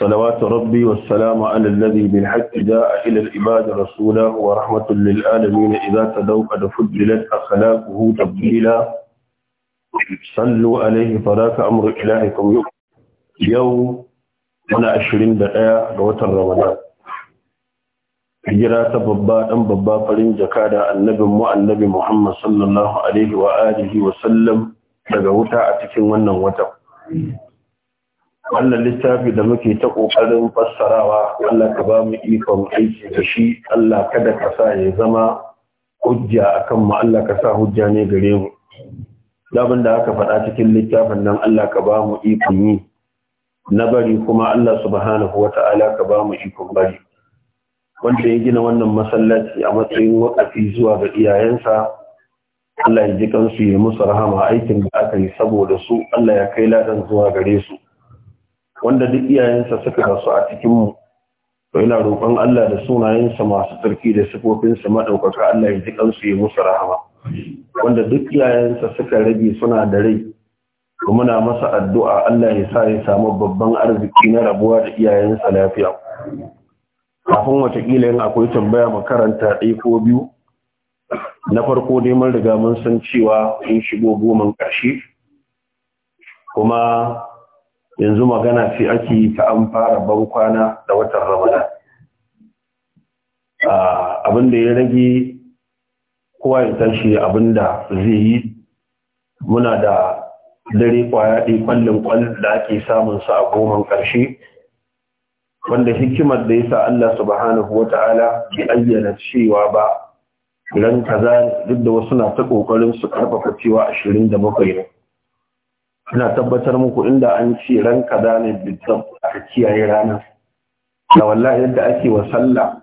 صلوات ربي والسلام على الذي بالحق جاء إلى العباد رسولا ورحمة للعالمين إذا تدوا قد فضلت أخلاقه تبديلا صلوا عليه فذاك أمر إلهكم يوم من عشرين دقيقة لوتر رمضان hijira ta babba dan babba farin jaka da annabin mu annabi Muhammad sallallahu alaihi wa alihi wa sallam daga wuta a cikin wannan watan wannan littafi da muke ta ƙoƙarin fassarawa Allah ka ba mu ikon aiki da shi Allah kada ka sa ya zama hujja a kanmu Allah ka sa hujja ne gare mu labin da aka faɗa cikin littafin nan Allah ka ba mu ikon yi na bari kuma Allah subhanahu wa ta'ala ka ba mu ikon bari wanda ya gina wannan masallaci a matsayin wakafi zuwa ga iyayensa Allah ya ji kansu ya musu rahama aikin da aka yi saboda su Allah ya kai ladan zuwa gare su wanda duk iyayensa suka rasu a cikinmu to ina roƙon Allah da sunayensa masu tsarki da sifofinsa maɗaukaka Allah ya ji kansu ya musu rahama wanda duk iyayensa suka rage suna da rai to muna masa addu'a Allah ya sa ya samu babban arziki na rabuwa da iyayensa lafiya kafin watakila yin akwai tambaya makaranta ɗaya ko biyu na farko dai mun riga mun san cewa in shigo goman ƙarshe kuma yanzu magana ce ake yi ta an fara bankwana da watan ramadan ah, abin da ya rage kowa ya tashi abin da zai yi muna da dare kwaya ɗi kwallon kwal da ake samun sa a goman ƙarshe wanda hikimar da ya sa Allah subhanahu wa ta'ala ke ayyana cewa ba ran kaza duk da wasu na ta ƙoƙarin su ƙarfafa cewa ashirin da bakwai ne ina tabbatar muku inda an ce ran kaza ne bidan aka kiyaye rana. da wallahi yadda ake wa sallah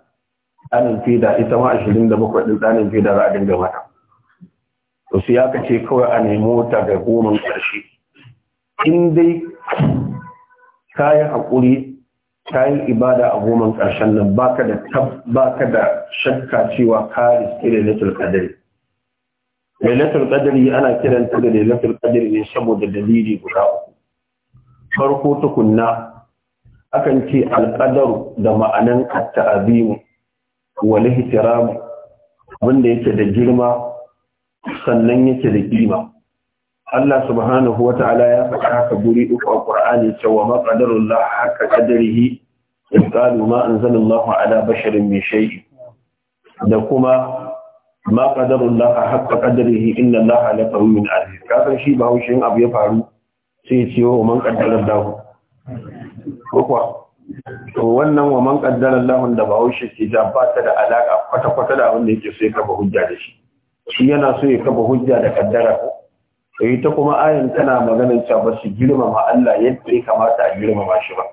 ɗanin fida ita ma ashirin da bakwai ɗin ɗanin fida za a dinga mata to sai aka ce kawai a nemo ta ga goman ƙarshe in dai kayan haƙuri kayan ibada a goman ƙarshen nan baka da da shakka cewa ka riske da litul kadari lailatul qadri ana kiranta da lailatul qadri ne saboda dalili guda uku farko tukunna akan ce alƙadar da ma'anan at-ta'zim wal ihtiram wanda yake da girma sannan yake da kima Allah subhanahu wa ta'ala ya faɗa haka guri uku a Qur'ani cewa ma qadarullah haka qadarihi in qalu ma anzalallahu ala basharin min shay'in da kuma ma qadarullaha haqqa qadarihi inna allaha la qawiyyun aziz ka san shi ba haushin abu ya faru sai ce wa man qaddara Allah ko kuwa to wannan wa man qaddara lahu da ba haushe ke da ba ta da alaka kwata kwata da abin da yake so ya kafa hujja da shi shi yana so ya kafa hujja da kaddara ko sai ta kuma ayin tana maganar cewa ba su girmama Allah yadda ya kamata a girmama shi ba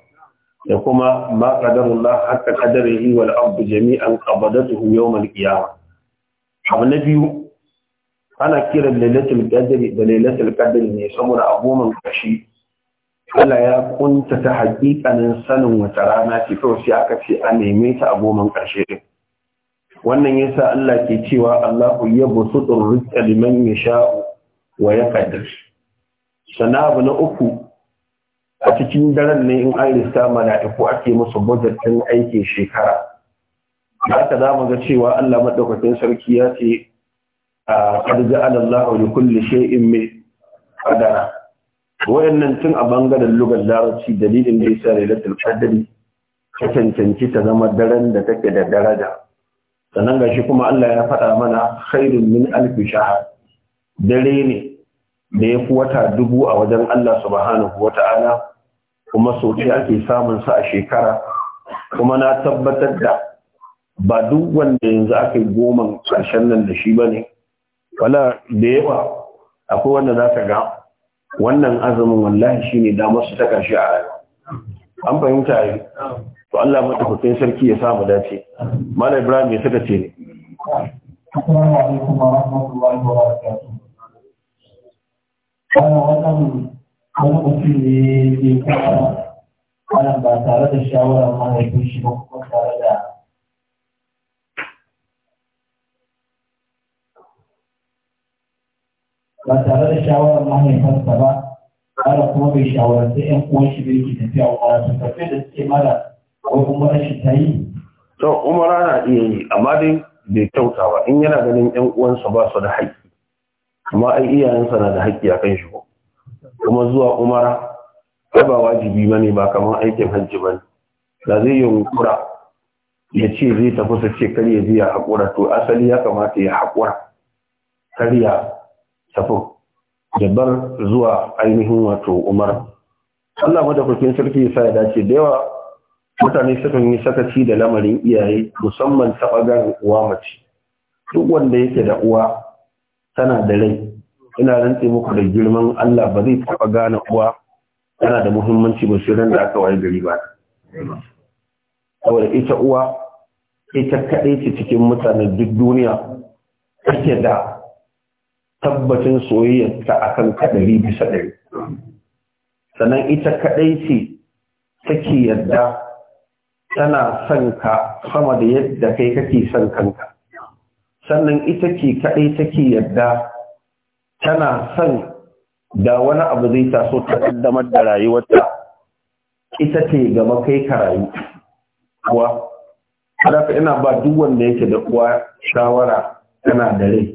da kuma ma qadarullah haqqa qadarihi wal ardu jami'an qabadatuhu yawm al-qiyamah abu na biyu ana kiran lalatul kadiri da lalatul kadiri ne saboda a ƙarshe, kashi Allah ya kunta ta hakikanin sanin wata rana ce kawai sai aka ce a neme ta a ƙarshe. karshe din wannan yasa Allah ke cewa Allahu yabsutur rizqa liman yasha'u wa yaqdir sana na uku a cikin daren ne in an lissa mala'iku ake musu budgetin aikin shekara haka za mu ga cewa Allah maɗaukakin sarki ya ce a ƙarji Allah ya kulle in mai ƙadara wayannan tun a bangaren lugar larabci dalilin da yasa lailatul qadri ta cancanci ta zama daren da take da daraja sannan gashi kuma Allah ya faɗa mana khairun min alf shahr dare ne da ya fi wata dubu a wajen Allah subhanahu wata'ala kuma sau ake samun sa a shekara kuma na tabbatar da ba duk wanda yanzu aka yi goman ƙarshen nan da shi ba ne wala da yawa akwai wanda za ka ga wannan azumin wallahi shi ne damar su ta ƙarshe a rayuwa an fahimta yi to Allah matafakin sarki ya samu dace mana ibrahim ya suka ce ne Assalamu wani mutum ne kuma wannan ba tare da shawarar mahaifin shi ba ba tare da shawarar mahaifansa ba ƙara kuma bai shawararsa ‘yan uwan shi bai ke tafiya a su tafiya da suke mara ko umara shi ta yi. to umara na iya yi amma dai bai kyauta ba in yana ganin ‘yan uwansa ba su da haƙƙi amma ai iyayensa na da haƙƙi a kan shi ko kuma zuwa umara ba wajibi ba ne ba kamar aikin hajji ba ne da zai yi hukura ya ce zai tafi su ce kar ya ya haƙura to asali ya kamata ya haƙura karya safo jabbar zuwa ainihin wato umar Allah madaukakin sarki ya sa ya dace da yawa mutane sukan yi sakaci da lamarin iyaye musamman ta ɓangaren uwa mace duk wanda yake da uwa tana da rai ina rantse muku da girman Allah ba zai taɓa gane uwa tana da muhimmanci ba shirin da aka waye gari ba saboda ita uwa ita kaɗai ce cikin mutanen duk duniya take da tabbacin soyayyarta akan kaɗari bisa ɗari sannan ita kadai ce take yadda tana son ka sama da yadda kai kake son kanka sannan ita ce kadai take yadda tana son da wani abu zai taso ta kaddamar da rayuwarta ita ce gaba kai ka rayu kuwa haka ina ba duk wanda yake da kuwa shawara tana da rai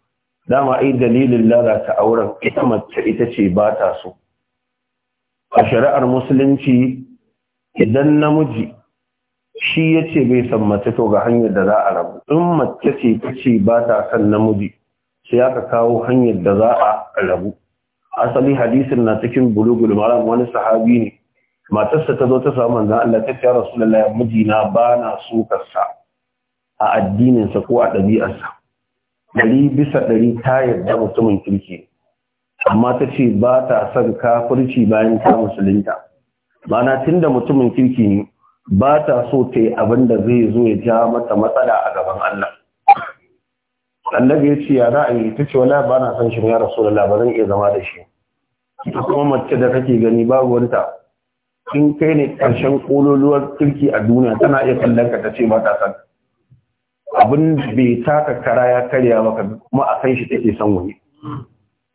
dama ai dalilin lalata auren ita mace ita ce ba ta so a shari'ar musulunci idan namiji shi ya ce bai san mace to ga hanyar da za a rabu in mace ce ta ce ba ta san namiji sai aka kawo hanyar da za a rabu asali hadisin na cikin bulugul maram wani sahabi ne matarsa ta zo ta samu manzan Allah ta ce ya mijina ba na so a addininsa ko a ɗabi'arsa Dari bisa dari ta yarda mutumin kirki amma ta ce ba ta son kafirci bayan ta musulunta mana tun da mutumin kirki ne ba ta so ta yi abin da zai zo ya ja mata matsala a gaban Allah annabi ya ce ya za a yi ta ce wala ba na son shi ya rasu da labarin ya iya zama da shi ta kuma mace da kake gani babu wanta in kai ne ƙarshen kololuwar kirki a duniya tana iya kallon ka ta ce ba ta son abin bai taka kara ya karya maka kuma a san shi take son wani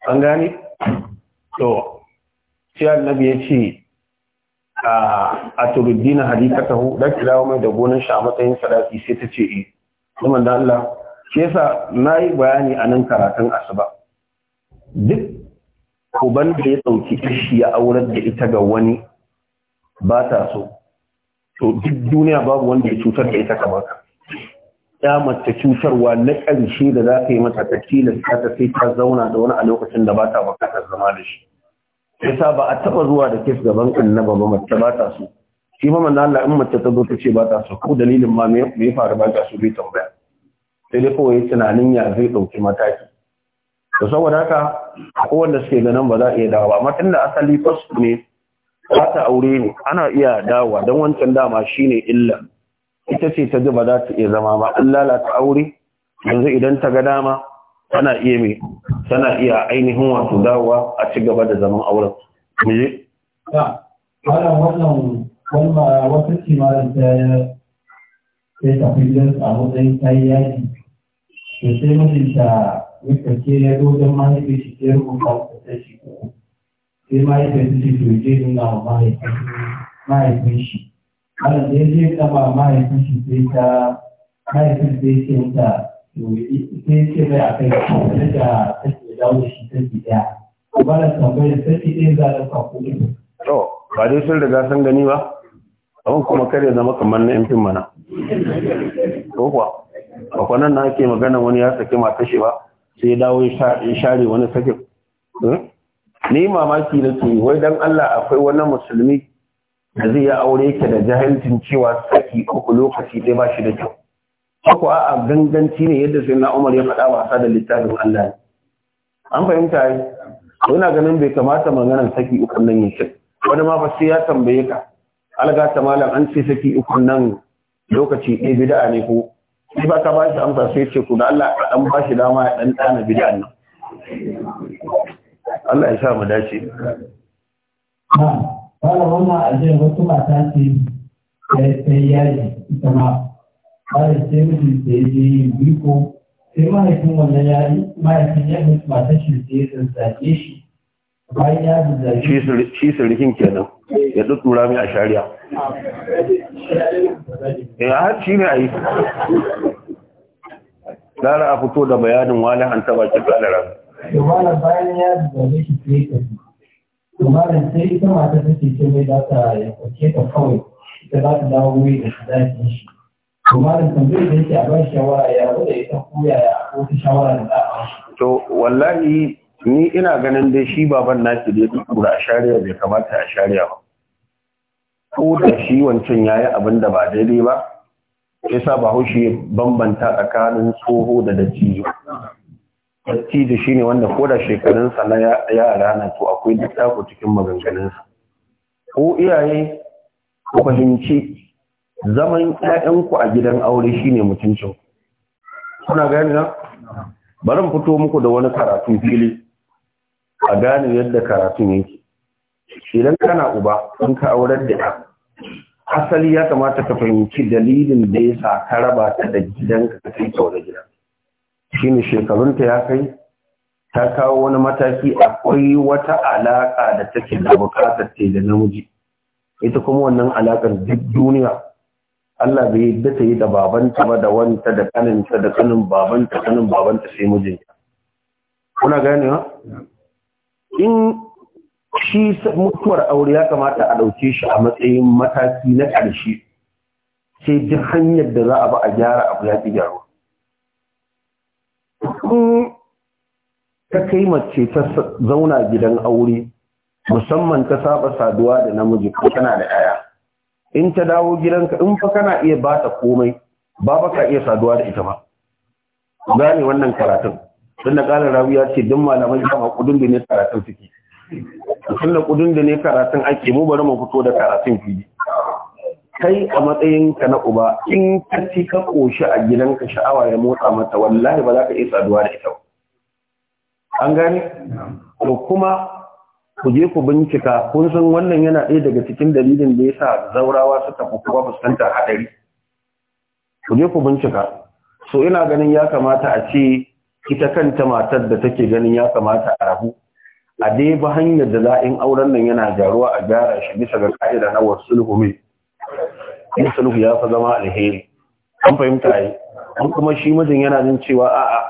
an gane to shi annabi ya ce a turuddina hadikatahu da kirawo mai da gonan shi a matsayin sadaki sai ta ce eh kuma da Allah shi yasa nayi bayani a nan karatun asuba duk uban da ya dauki kishi ya aurar da ita ga wani ba ta so to duk duniya babu wanda ya cutar da ita kamar ka Ya ta cutarwa na ƙarshe da za ka yi mata ta tilasta ta sai ta zauna da wani a lokacin da ba ta bukatar zama da shi yasa ba a taɓa zuwa da kes gaban annaba ba mace ba ta so shi ma manzo Allah in mace ta zo ta ce ba ta so ko dalilin ma me ya faru ba ta so bai tambaya sai dai kawai tunanin ya zai ɗauki mataki to saboda haka kowanne suke ganin ba za a iya dawo ba amma da asali fasu ne ba ta aure ne ana iya dawowa don wancan dama shine illa ita ce ta zuba ba za ta iya zama ba an lalata aure yanzu idan ta ga dama tana iya mai tana iya ainihin wato dawowa a ci gaba da zaman auren mu je wannan wannan wata ce malam ta ya tafi gidan a matsayin ta yi yaji da sai mijinta wata ke ya zo don mahaifin shi ke rubuta ta shi ko sai mahaifin shi ke je nuna wa mahaifin shi wanda da ya je kama mahaifin shi sai ta mahaifin sai ce mata sai ce mai a kai wani da ke dawo da shi ke ɗaya ko ba da tambayar take ɗaya za ta sako to ba dai sun riga sun gani ba abin kuma kar ya zama kamar na yanfin mana ko kuwa ba kwanan na ake magana wani ya saki ma kashe ba sai ya dawo ya share wani sakin hmm? ni mamaki na ke wai dan Allah akwai wani musulmi da zai ya aure ke da jahilcin cewa saki uku lokaci dai ba shi da kyau ko a ganganci ne yadda sai na Umar ya faɗa wasa da littafin Allah an fahimta yi yana ganin bai kamata maganar saki uku nan yake wani ma ba sai ya tambaye ka alga ta malam an ce saki uku nan lokaci ɗaya bid'a ne ko sai ba ka ba shi amsa sai ce ku da Allah ka dan ba dama ya dan dana bid'a nan Allah ya sa mu dace Bala wannan ajiyar wasu mata ce ta yi yaji ita ma. Bala sai mijin ta yi je yin biko sai mahaifin wannan yari mahaifin ya mutu mata shi yi ya tsantsake shi. Bayan ya zazzaje. Shi sirrikin kenan ya tuttura mai a shari'a. Ya eh, har shi ne a yi. Gara a fito da bayanin wani an taba kira Yohana bayan ya zazzaje shi sai ya tafi. kuma da sai ita mata take ce mai za ta yankace ta kawai ita za ta dawo wuri da zakin shi kuma da tambayar da yake a ba shawara ya da ita ko ya ko ta shawara da za a to wallahi ni ina ganin dai shi baban naki da ya tura a shari'a bai kamata a shari'a ba ko da shi wancan yayi abin da ba daidai ba yasa bahaushe bambanta tsakanin tsoho da dattijo shi ne wanda ko da shekarunsa na yara na to akwai dattako cikin maganganunsa ko iyaye ku fahimci zaman 'ya'yanku a gidan aure shine mutuncin kuna gani na bari mu fito muku da wani karatu fili a gane yadda karatun yake idan kana uba sun ka aurar da ya. asali ya kamata ka fahimci dalilin da ya sa ka raba ta da gidanka ka kai kyau da gida shine shekarunta ya kai ta kawo wani mataki akwai wata alaƙa da take da bukatar ta da namiji ita kuma wannan alakar duk duniya Allah bai yadda ta yi da babanta ba da wanta da kaninta da kanin babanta kanin babanta sai mijinta kuna gane ha in shi mutuwar aure ya kamata a ɗauke shi a matsayin mataki na ƙarshe sai duk hanyar da za a ba a gyara abu ya ƙi gyaruwa in ta kai mace ta zauna gidan aure musamman ta saba saduwa da namiji ko tana da yaya in ta dawo gidanka in fa kana iya ba ta komai ba ba ka iya saduwa da ita ba gane wannan karatun tun da ƙarin rawiya ce duk malamai ba ma kudin da ne karatun suke tun da kudin da ne karatun ake mu bari mu fito da karatun fili kai a matsayinka na uba in ka ci ka koshi a gidanka sha'awa ya motsa mata wallahi ba za ka iya saduwa da ita an gane to kuma ku je ku bincika kun san wannan yana ɗaya daga cikin dalilin da yasa zaurawa suka fi kuma fuskantar haɗari ku je ku bincika so ina ganin ya kamata a ce ita kanta matar da take ganin ya kamata a rabu a dai ba hanyar da za'in auren nan yana jaruwa a gyara shi bisa ga ka'ida na wasu mai sulhu ya fa zama alheri an fahimta ai an kuma shi mijin yana jin cewa a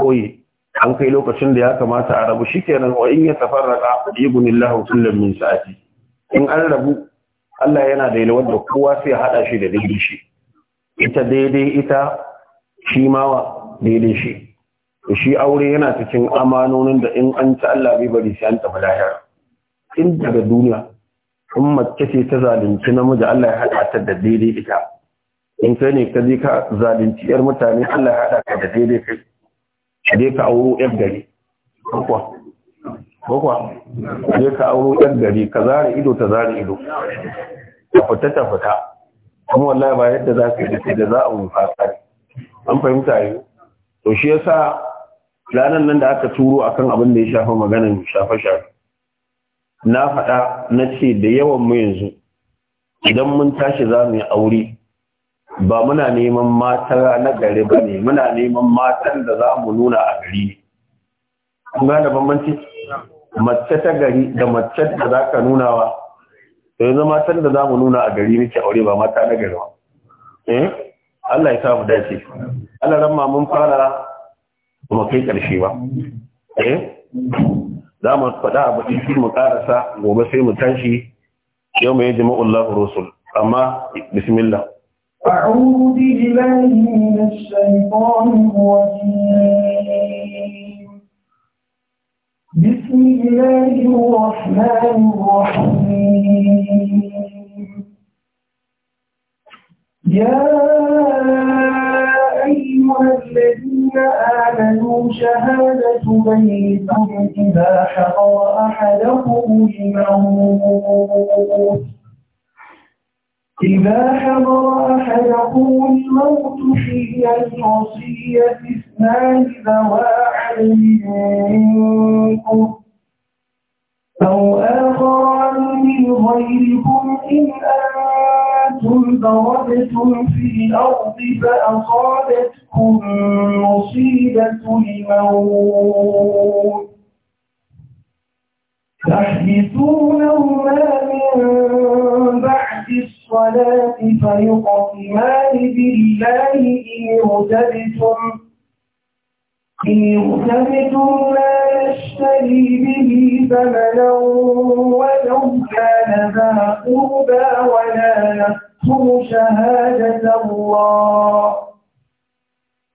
koyi an kai lokacin da ya kamata a rabu shikenan wa in ya tafarraqa yughnillahu kullam min sa'ati in an rabu Allah yana da yalwar da kowa sai ya hada shi da dindin shi ita daidai ita shi ma daidai shi shi aure yana cikin amanonin da in an ci Allah bai bari sai an tafi lahira in daga duniya in mace ce ta zalunci namiji Allah ya haɗa ta da daidai ita in kai ne ka je ka zalunci yar mutane Allah ya haɗa ka da daidai kai ka je ka auro ƴar gari kokwa kokwa je ka auro ƴar gari ka zare ido ta zare ido ta fita ta fita kuma wallahi ba yadda za ka yi da da za a wufa tsari an fahimta yi to shi yasa ranar nan da aka turo akan abin da ya shafa maganar shafe-shafe na faɗa na ce da yawan mu yanzu idan mun tashi za mu yi aure ba muna neman mata na gari ba ne muna neman matan da za mu nuna a gari ne. Kun gane bambanci? Mace ta gari da mace da za ka nuna wa, to yanzu matan da za mu nuna a gari nake aure ba mata na gari ba. Eh? Allah ya samu dace. Allah ramma mun fara ba mu kai ƙarshe ba. Eh? za mu faɗa abu shi mu ƙarasa gobe sai mu tashi yau mai jima'ullahu rusul amma bismillah أعوذ بالله من الشيطان الرجيم بسم الله الرحمن الرحيم يا أيها الذين آمنوا شهادة بيتهم إذا حضر أحدكم الموت إذا حضر أحدكم الموت حين الوصية اثنان ذوى عدل منكم أو آخران من غيركم إن آمنوا أنتم ضربتم في الأرض فأصابتكم مصيبة الموت تحدثونهما من بعد الصلاة فيقسمان بالله إن ارتبتم في مختلف لا يشتري به ثمنا ولو كان ذا قربى ولا يكتم شهادة الله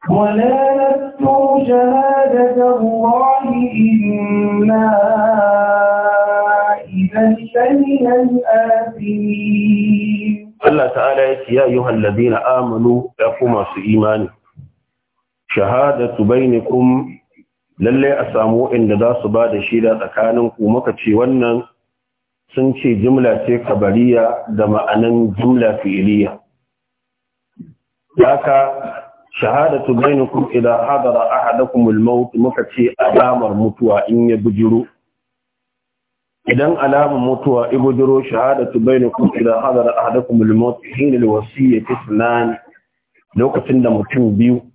ولا نكتم شهادة الله إنا إذا لمن الآثمين الله تعالى يا أيها الذين آمنوا يقوموا في إيمانكم shahadatu bainakum lalle a samu inda za su ba da shida tsakanin ku muka ce wannan sun ce jumla ce kabariya da ma'anan jumla fi'iliya haka shahadatu bainakum idan hadara ahadakum al-maut muka ce alamar mutuwa in ya bujiro idan alamar mutuwa ibujiro shahadatu bainakum idan hadara ahadakum al-maut hin al-wasiyyati lokacin da mutum biyu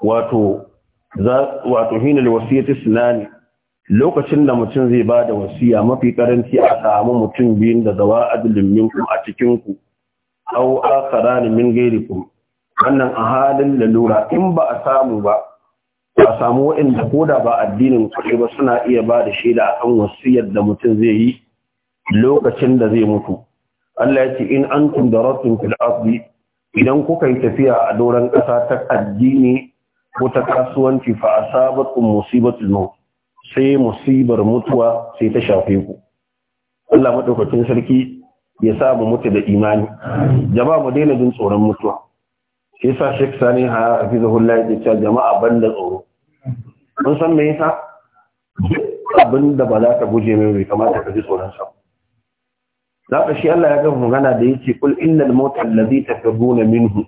wato za wato hinal wasiyati sunani lokacin da mutum zai ba da wasiya mafi karanci a samu mutum biyun da zawa adalin minkum a cikin ku aw akharan min ku. wannan a halin lalura in ba a samu ba a samu waɗanda da ba addinin kuɗi ba suna iya ba da shaida kan wasiyar da mutum zai yi lokacin da zai mutu Allah ya ce in antum daratun fil ardi idan kuka yi tafiya a doron ƙasa ta addini Wata kasuwanci fa asabatkum musibatul maut sai musibar mutuwa sai ta shafe ku Allah madaukakin sarki ya sa mu mutu da imani jama'a mu daina jin tsoron mutuwa sai sa Sheikh Sani ha hafizahullah ya ce jama'a banda tsoro mun san me yasa abin da ba za ka guje mai bai kamata ka ji tsoron sa ka shi Allah ya ga magana da yake kul innal mautal ladhi takabuna minhu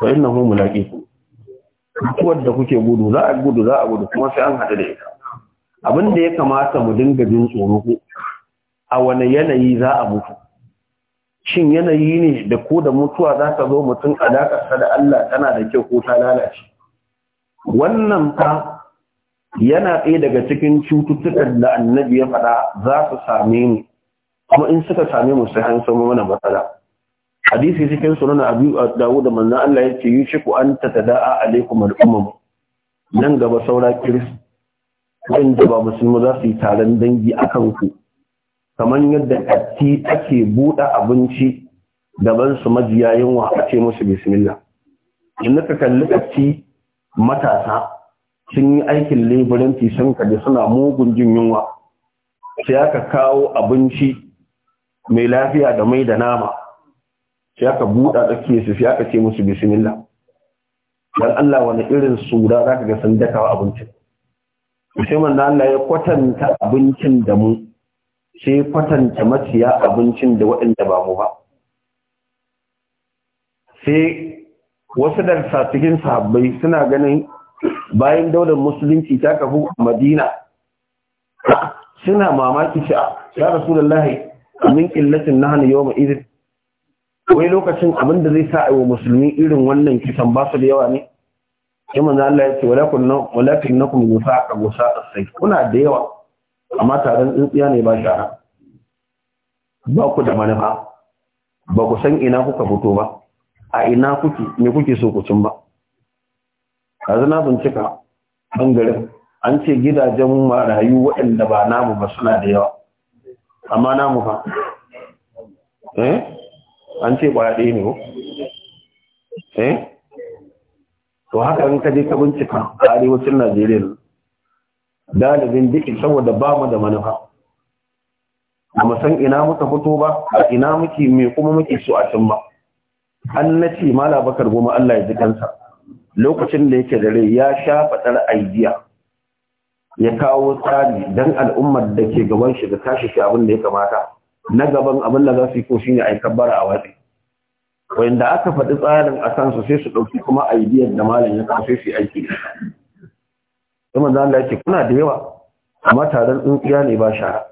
wa innahu mulaqikum mutuwar da kuke gudu za a gudu za a gudu kuma sai an haɗu da ita abin da ya kamata mu dinga jin tsoro ko. a wani yanayi za a mutu shin yanayi ne da ko da mutuwa za ta zo mutum a alaƙarsa da Allah tana da kyau ko ta lalace wannan fa yana ɗaya daga cikin cututtukan da annabi ya faɗa za su same ni kuma in suka same mu sai an samu mana matsala hadisi cikin sunan abu dawo da manzan Allah ya ce yi shi ku an ta tada'a alaikum al'umam nan gaba saura kiris da ba musulmi za su yi taron dangi akan ku kamar yadda atti ake buɗe abinci daban su majiya yunwa a ce musu bismillah in ka kalli atti matasa sun yi aikin leburanti sun kaji suna mugun jin yunwa sai aka kawo abinci mai lafiya da mai da nama sai aka buɗa tsakiyar su sai aka ce musu bismillah dan Allah wani irin sura za ka ga sun dakawa abincin sai manzo Allah ya kwatanta abincin da mu sai kwatanta maciya abincin da waɗanda ba mu ba sai wasu da cikin sahabbai suna ganin bayan daular musulunci ta kafu a madina suna mamaki shi a ya rasu da lahi amin ƙillacin na hannu yau ma'izin wai lokacin abin da zai sa wa musulmi irin wannan kisan ba su da yawa ne sai na Allah ya ce na kun nakum gusaqa gusaqa sai kuna da yawa amma taron tsintsiya ne ba shara ba ku da manufa ba ku san ina kuka fito ba a ina kuke me kuke so ku cin ba kaza na bincika bangaren an ce gidajen marayu waɗanda ba namu ba suna da yawa amma namu fa eh an ce ba ɗaya ne eh? to haka in ka je ka bincika a arewacin Najeriya dalibin diki saboda ba mu da manufa ba mu san ina muka fito ba a ina muke me kuma muke so a cin ba an nace ma labakar goma Allah ya ji kansa lokacin da yake dare ya sha faɗar idea ya kawo tsari don al'ummar da ke gaban shi da tashi shi abin da ya kamata na gaban abin da za su yi ko shine ai kabbara a watsi wanda aka faɗi tsarin a kansu sai su ɗauki kuma aidiyar da malam ya kasu su yi aiki kuma Allah yake kuna da yawa amma taron tsintsiya ne ba shara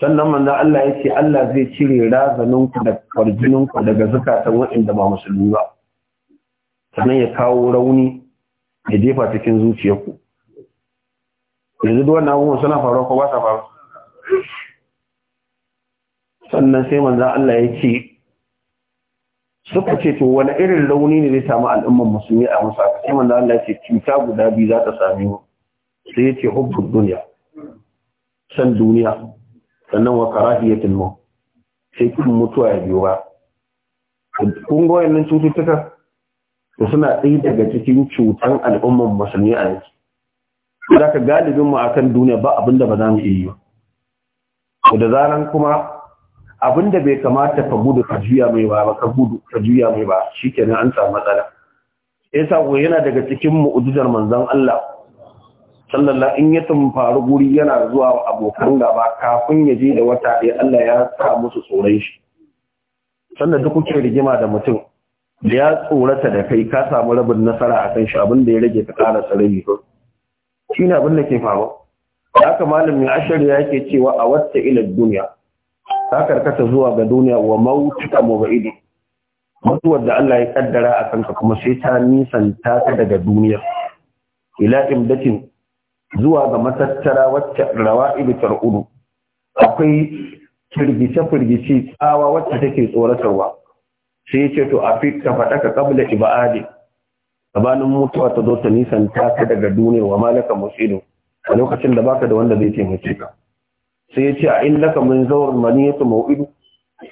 sannan manzo Allah ya ce Allah zai cire razaninku da farjininku daga zakatan waɗanda ba musulmi ba sannan ya kawo rauni ya jefa cikin zuciyarku yanzu duk wannan abubuwan suna faruwa ko ba sa faruwa sannan sai manzan Allah ya ce suka ce to wani irin launi ne zai samu al'umman musulmi a musa sai manzan Allah ya ce cuta guda biyu za ta sami mu sai ya ce hukun duniya san duniya sannan wa ya tilmo sai kin mutuwa ya biyo ba kun ga wayannan cututtuka to suna ɗaya daga cikin cutan al'umman musulmi a yanzu za ka galibin mu akan duniya ba abinda ba za mu iya yi ba da zaran kuma abin da bai kamata ka gudu ka juya mai ba ka gudu ka juya mai ba shikenan an samu matsala yasa ko yana daga cikin mu'jizar manzon Allah sallallahu in ya faru guri yana zuwa abokan gaba kafin ya je da wata ɗaya Allah ya sa musu tsoron shi sannan duk kuke rigima da mutum da ya tsorata da kai ka samu rabin nasara a kan shi abin da ya rage ka ƙara sarari ko shi ne abin da ke faru haka malamin ashari ya cewa a wata ilar duniya ka karkata zuwa ga duniya wa mautuka mubidi mutuwar da Allah ya kaddara a kanka kuma sai ta nisan ta daga duniya ila imdatin zuwa ga matattara wacce rawa'ibi tar'udu akwai firgice firgice tsawa wacce take tsoratarwa sai ya ce to a fi ka faɗa ka kabla ibadi gabanin mutuwa ta zo ta nisanta ka daga duniya wa malaka musidu a lokacin da baka da wanda zai taimake ka sai ya ce a inda ka min zawar mani ya ta mau'idu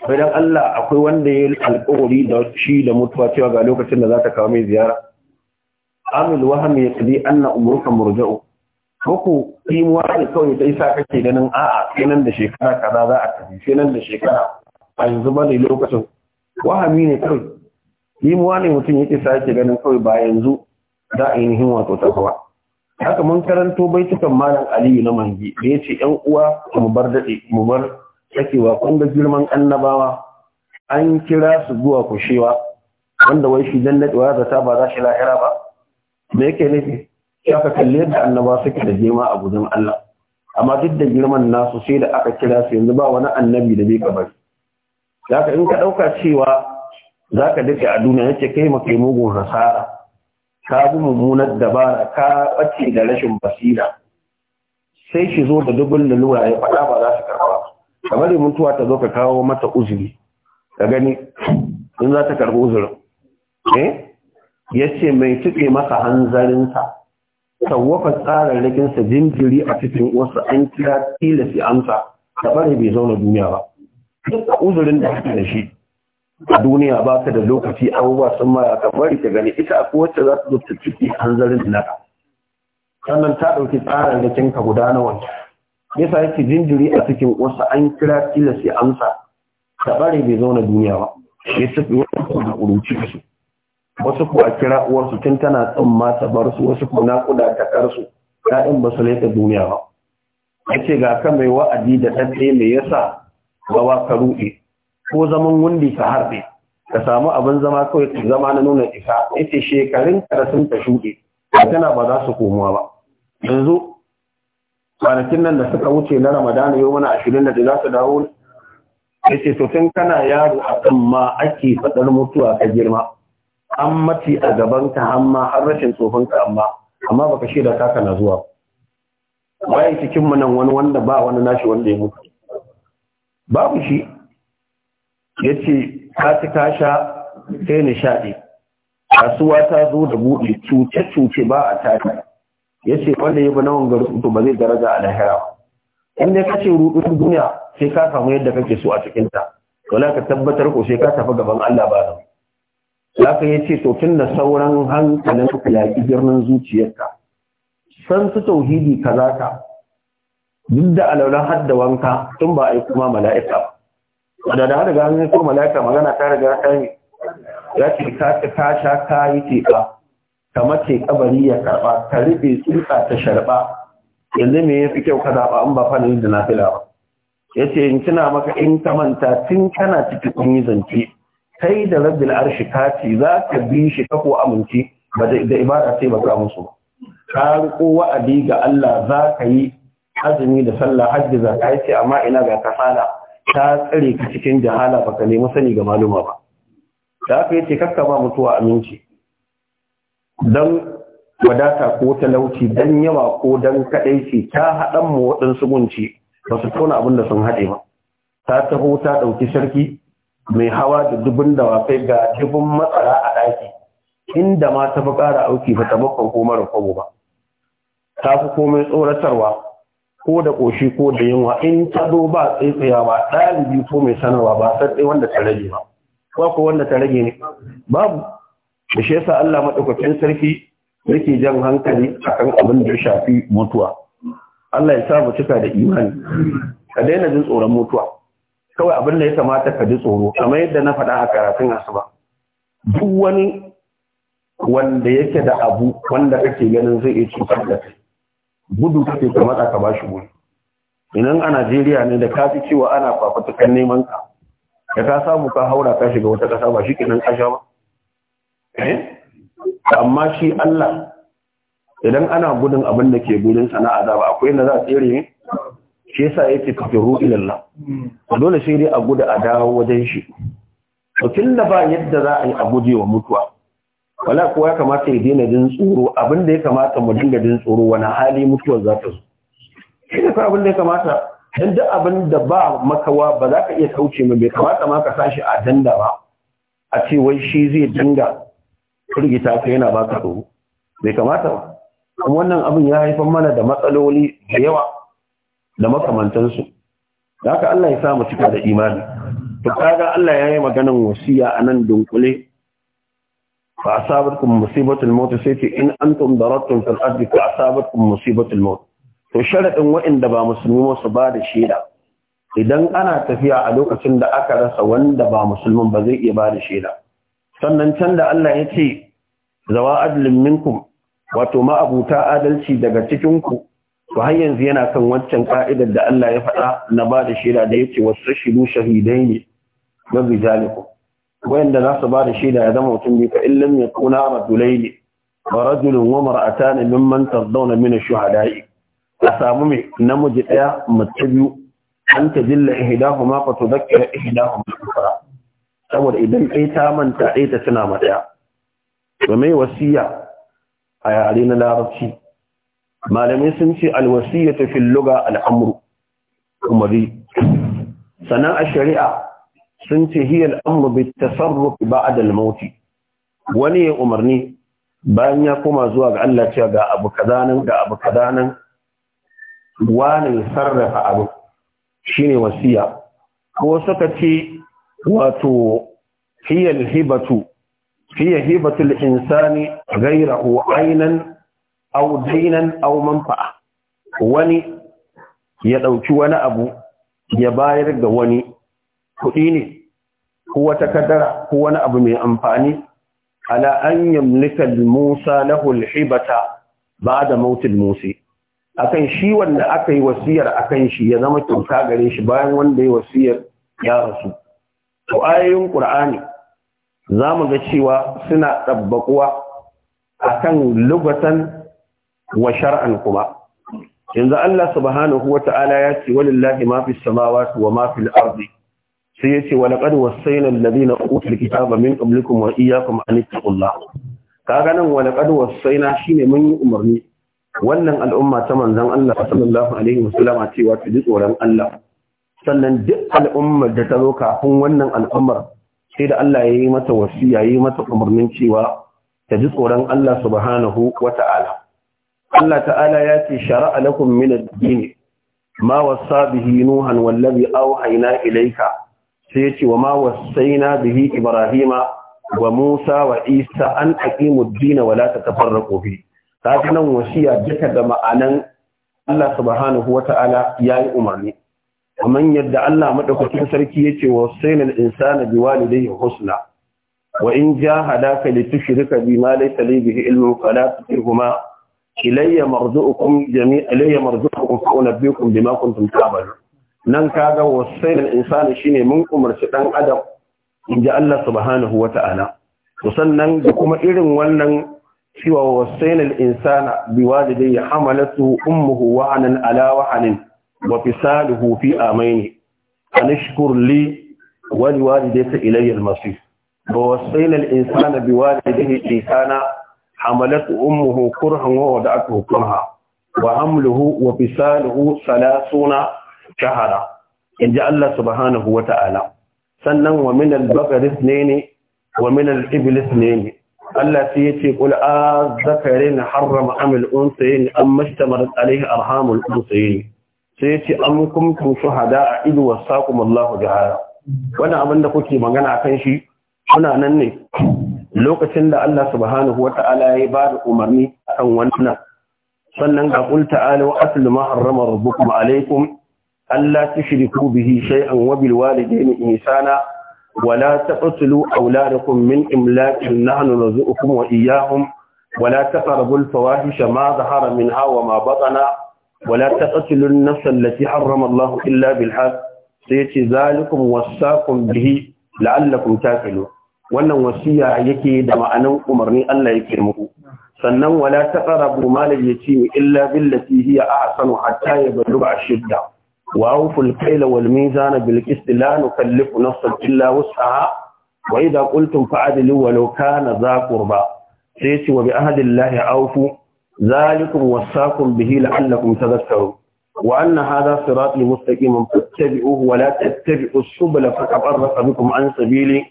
bai dan Allah akwai wanda ya alƙawari da shi da mutuwa cewa ga lokacin da za ta kawo mai ziyara amil wahami ya kadi anna umruka murja'u ko imuwa ne kawai ta isa kake ganin a'a sai nan da shekara kaza za a tafi sai nan da shekara a yanzu ba ne lokacin wahami ne kawai imuwa ne mutum yake sa ganin kawai ba yanzu za a yi nihin wato tafawa haka mun karanto baitukan malam aliyu na mangi da ya ce yan uwa mu bar daɗe mu bar sakewa kun da girman annabawa an kira su zuwa kushewa wanda wai shi dan daɗewa za ta ba za shi lahira ba me yake nufi ya ka kalli yadda annaba suke da girma a gudun Allah amma duk da girman nasu sai da aka kira su yanzu ba wani annabi da bai kabar ka in ka ɗauka cewa za ka dace a duniya yace kai makai mugun hasara ka bi mummunar dabara ka ɓace da rashin basira sai shi zo da dubin lalura ya faɗa ba za su karɓa ka bari mutuwa ta zo ka kawo mata uzuri ka gani in za ta karɓi uzurin eh ya ce mai tuɓe masa hanzarinsa tsawafa tsararrakinsa jinjiri a cikin wasu an kira tilasi amsa da bari bai zauna duniya ba duk uzurin da ake da shi a duniya ka da lokaci abubuwa sun mara ka bari ka gani ita a kowace za ta zo ciki hanzarin naka sannan ta ɗauki tsarin da kinka guda nawa nisa yake jinjiri a cikin wasu an kira tilas ya amsa ta bari bai zauna duniya ba ya tafi wasu da uruci su wasu ku a kira uwarsu tun tana ma ta bar su wasu ko naƙuda ta karsu ɗaɗin ba su laifin duniya ba ya ce ga ka mai wa'adi da ɗaya mai yasa gawa ka ruɗe ko zaman wundi ka harbe ka samu abin zama kawai zama na nuna isa ita shekarun da sun ta shuɗe tana ba za su komuwa ba yanzu kwanakin nan da suka wuce na ramadana yau mana ashirin da za su dawo ya ce to kana yaro a kan ma ake faɗar mutuwa ka girma an mace a gaban ka hamma har rashin tsofin ka amma amma baka shaida kaka na zuwa bayan cikin mu nan wani wanda ba wani nashi wanda ya mutu babu shi ya ce ka ci ka sha sai nishaɗi kasuwa ta zo da buɗe cuce-cuce ba a tashi ya ce wanda ya bi na wanga to ba zai daraja a lahira ba in dai ka ce duniya sai ka samu yadda kake so a cikin ta wala ka tabbatar ko sai ka tafi gaban Allah ba nan zaka ya ce to da sauran hankalin ku ya ki zuciyarka san su tauhidi kaza ka duk da alaulan hadda wanka tun ba a yi kuma mala'ika ba. wanda da daga hannun su malaka magana ta riga ta yi ya ce ka ta ka sha ka yi teka kamar teka kabari ya karba ka rufe tsutsa ta sharba yanzu me ya fi kyau ka zaɓa an ba fanayin da na fila ba ya ce in kina maka in ka manta tun kana ciki kun yi zance kai da rabbil arshi ka ce za ka bi shi ka ko amince ba da ibada sai ba ka musu ka riko wa'adi ga Allah za ka yi azumi da sallah hajji za ka yi amma ina ga kasala ta tsare ka cikin jahala ka nemi sani ga maluma ba da aka yace kakka ba mutuwa aminci dan wadata ko talauci dan yawa ko dan kadaici ta hadan mu waɗansu gunci ba su tona abin da sun haɗe ba ta taho ta ɗauki sarki mai hawa da dubun dawakai ga dubun matsara a ɗaki inda ma ta fi ƙara auki ba ta bakon ko mara kwabo ba ta fi komai tsoratarwa ko da ƙoshi ko da yunwa in ta zo ba tsaitsayawa ɗalibi ko mai sanarwa ba sai wanda ta rage ba ba ko wanda ta rage ne babu da shi yasa Allah madaukakin sarki yake jan hankali a kan abin da ya shafi mutuwa Allah ya sa mu cika da imani ka daina jin tsoron mutuwa kawai abin da ya kamata ka ji tsoro kamar yadda na faɗa a karatun asuba duk wani wanda yake da abu wanda kake ganin zai iya cutar da kai gudu kake ka matsa ka bashi gudu idan a Najeriya ne da ka fi cewa ana fafutukan neman ka da ka samu ka haura ka shiga wata kasa ba shi kinan kasha ba eh? amma shi Allah idan ana gudun abin da ke gudun sana'a za ba akwai na za a tsere ne shi yasa yake kafiru ilallah dole shi ne a gudu a dawo wajen shi to da ba yadda za a yi a guje wa mutuwa wala kuwa ya kamata ya daina jin tsoro abin da ya kamata mu dinga jin tsoro wani hali mutuwar za ta zo shi ne abin da ya kamata dan duk abin da ba makawa ba za ka iya kauce mai bai kamata ma ka sa shi a danda ba a ce wai shi zai dinga firgita ka yana baka tsoro bai kamata ba kuma wannan abin ya haifar mana da matsaloli da yawa da makamantansu da haka Allah ya sa mu cika da imani to kaga Allah ya yi maganan wasiya nan dunkule fa asabatkum musibatul maut sai ce in an darattum fil ardi fa asabatkum musibatul maut to sharadin wa'inda ba musulmi su ba da shaida idan ana tafiya a lokacin da aka rasa wanda ba musulmin ba zai iya ba da shaida sannan can da Allah ya ce zawa adlin minkum wato ma'abuta adalci daga cikin ku to har yanzu yana kan wancan ka'idar da Allah ya faɗa na ba da shaida da yake wasu shidu shahidai ne na rijalikum wayanda za su ba da shaida ya zama mutum biyu fa in ya yakuna rajulaini wa rajulun wa mar'atan mimman tardawna min ash-shuhada'i a samu mai namiji daya mace biyu an jilla ihdahuma fa tudhakkira ihdahuma al-ukhra saboda idan ɗaya ta manta ɗaya ta tuna ma ɗaya to mai wasiya a yare na larabci malamai sun ce alwasiyatu fil lugha al-amru Kuma sannan a shari'a sun ce hiya al'amru bi tasarruf ba'da al-maut wani ya umarni bayan ya koma zuwa ga Allah cewa ga abu kaza nan ga abu kaza nan wani sarrafa abu shine wasiya ko suka ce wato hiya hibatu hiya hibatu al-insani Gaira, aynan aw daynan aw manfa'a wani ya ɗauki wani abu ya bayar ga wani kuɗi ne ko wata kadara ko wani abu mai amfani ala an yamlika musa lahu ba da mautil musi akan shi wanda aka yi wasiyar akan shi ya zama kyauta gare shi bayan wanda ya wasiyar ya rasu to ayoyin za zamu ga cewa suna a akan lugatan wa shar'an kuma yanzu Allah subhanahu wata'ala ya ce lillahi ma fi samawati wa ma fil ardi sai ya ce wani ƙar wasaina lalina ƙotar kitaba min ƙablikun wa iyakun anittakullah ka ganin wani ƙar wasaina shi ne mun yi umarni wannan al'umma ta manzan Allah sallallahu alaihi wasallam cewa ta ji tsoron Allah sannan duk al'ummar da ta zo kafin wannan al'ummar sai da Allah ya yi mata wasiya ya yi mata umarnin cewa ta ji tsoron Allah subhanahu wa ta'ala Allah ta'ala ya ce shara'a lakum min ad-din ma wasa bihi nuhan wallazi awhayna ilayka sai yace wa ma wasaina bihi ibrahima wa musa wa isa an aqimu ad-din wa la tatafarraqu fi kaga nan wasiya duka da ma'anan Allah subhanahu wata'ala yayi umarni kaman yadda Allah madaukakin sarki yace wa wasaina al-insana biwalidayhi husna wa in jahadaka litushrika bima laysa li bihi ilmun fala tuhuma ilayya marzuqukum jami'a ilayya marzuqukum fa unabbiukum bima kuntum ta'malun nan kaga wasai da insani shine mun umarci dan adam in ji Allah subhanahu wata'ala. ta'ala sannan da kuma irin wannan cewa wasai da insana bi walidai ya hamalatu ummuhu wahanan ala wahanin wa fisaluhu fi amaini anishkur li wa liwalidayka ilayya al-masir ووصينا الإنسان بوالده إيسانا حملته أمه كرها ووضعته كرها وعمله وفصاله ثلاثون shahara in ji Allah subhanahu wa ta'ala sannan wa min al ne ne wa min iblis ne ne Allah sai yace qul a zakarin harrama amil unsayin am mastamar alayhi Su unsayin ce, yace am su shuhada a id wasaqum Allah jahara wannan abin da kuke magana kan shi kuna nan ne lokacin da Allah subhanahu wata'ala ya ba da umarni akan wannan sannan ga qul ta'alu aslu ma harrama rabbukum alaikum. Allah tushriku bihi shay'an wa bil walidayni ihsana ولا تقتلوا أولادكم من إملاق نحن نرزقكم وإياهم ولا تقربوا الفواحش ما ظهر منها وما بطن ولا تقتلوا النفس التي حرم الله إلا بالحق سيتي ذلكم وصاكم به لعلكم تاكلون wannan wasiya yake da ma'anan umarni Allah yake muku sannan wala taqrabu mal yatim illa billati hiya ahsanu hatta yablugha shidda وأوفوا الكيل والميزان بالقسط لا نكلف نفسا إلا وسعها وإذا قلتم فعدلوا ولو كان ذا قربى سيتي وبعهد الله أوفوا ذلكم وصاكم به لعلكم تذكرون وأن هذا صراطي مستقيما فاتبعوه ولا تتبعوا السبل فتفرق بكم عن سبيلي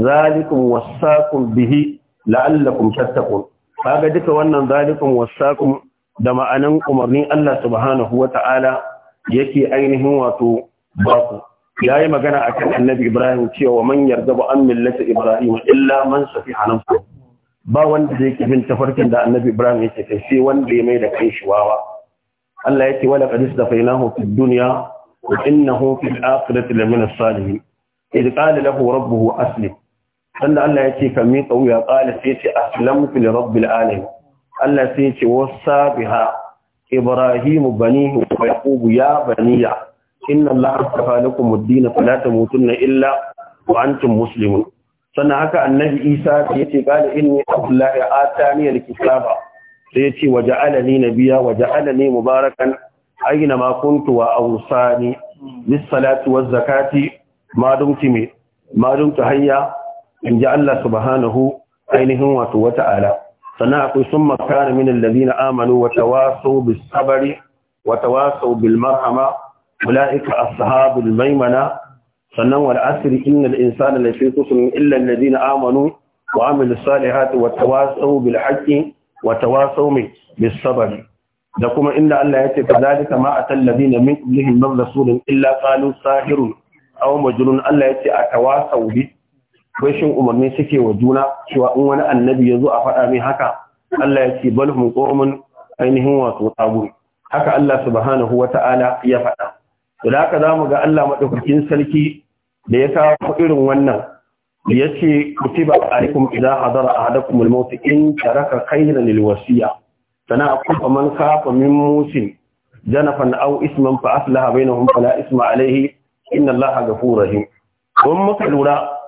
ذلكم وصاكم به لعلكم تتقون هذا دك وأن ذلكم وصاكم دمعنا أمرني الله سبحانه وتعالى yake ainihin wato baku ya yi magana a kan annabi ibrahim cewa man yarda ba an millata ibrahim illa man safi hananku ba wanda zai kifin tafarkin da annabi ibrahim yake kai sai wanda ya mai da kai shi wawa Allah ce wala qadis da fainahu fid dunya wa innahu fil akhirati lamina salihin idh qala lahu rabbuhu aslim sanda Allah ce ka mi wuya, ya qala sai ce aslamtu li rabbil alamin Allah sai ce wasabiha ibrahimu banihi wa yaqubu ya baniya inna allaha astafa lakum ad-din fala tamutunna illa wa antum muslimun sannan haka annabi isa yace qala inni abdullahi atani al-kitaba sai yace waja'alani nabiyya waja'alani mubarakan aina ma kuntu wa awsani bis salati waz zakati ma dumti me ma dumtu hayya in ji Allah subhanahu ainihin wato ala. sannan akwai sun makana min alladhina amanu wata tawasaw bis wata wa tawasaw bil marhama sahabin maimana sannan wal asri innal insana lafi khusr illa alladhina amanu wa amilus salihati wa tawasaw bil haqqi wata tawasaw mai sabri da kuma inda Allah ya ce zalika ma atal ladina min qablihim min rasulin illa qalu sahirun aw majnun Allah ya ce atawasaw bi rashin umarni suke wa juna cewa in wani annabi ya zo a faɗa mai haka Allah ya ce bal hum ainihin wato tsabu haka Allah subhanahu ta'ala ya faɗa to da haka mu ga Allah madaukakin sarki da ya kawo irin wannan yace kutiba alaikum idza hadara ahadakum al-maut in taraka khayran lil-wasiya sana aqufa man khafa min musin janafan aw isman fa aslaha bainahum fala isma alayhi inna Allaha ghafurur rahim kun muka lura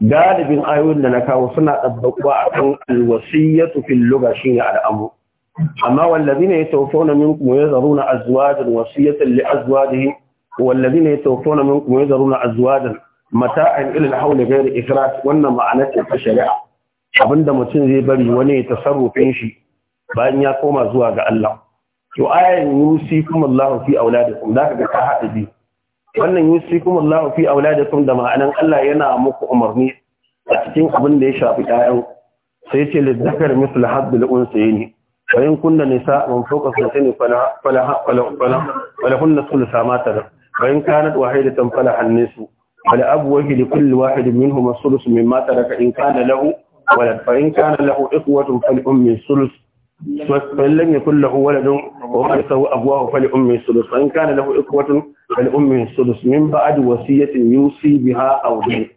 galibin ayoyin da na kawo suna ɗabbaƙuwa a kan alwasiyyatu fil luga shi ne al'amu amma wallazi ne ya taufo na min kuma ya zaru na azuwajin wasiyyatan li azuwajihi wallazi ne ya taufo na min kuma ya zaru na azuwajin mata'an ilil haula gairi ikras wannan ma'ana ce ta shari'a abinda mutum zai bari wani ya tasarrufin shi bayan ya koma zuwa ga Allah to ayan yusikum Allahu fi auladikum zaka ga ta haɗa biyu wannan yusikum Allahu fi auladikum da ma'anan Allah yana muku umarni a cikin abin da ya shafi ƴaƴan sai ce lizzakar mislu haddul unsayni wa in kunna nisa man fawqa sanatayn fala fala fala fala hunna thulutha ma tarak wa in kanat wahidatan fala hannisu fala abwahi li kulli wahid minhum thuluth mimma taraka in kana lahu walad fa in kana lahu ikhwatun fal ummi thuluth فإن لم يكن له ولد وورثه أبواه فلأمه السدس فإن كان له إخوة فلأمه السدس من بعد وصية يوصي بها أو دين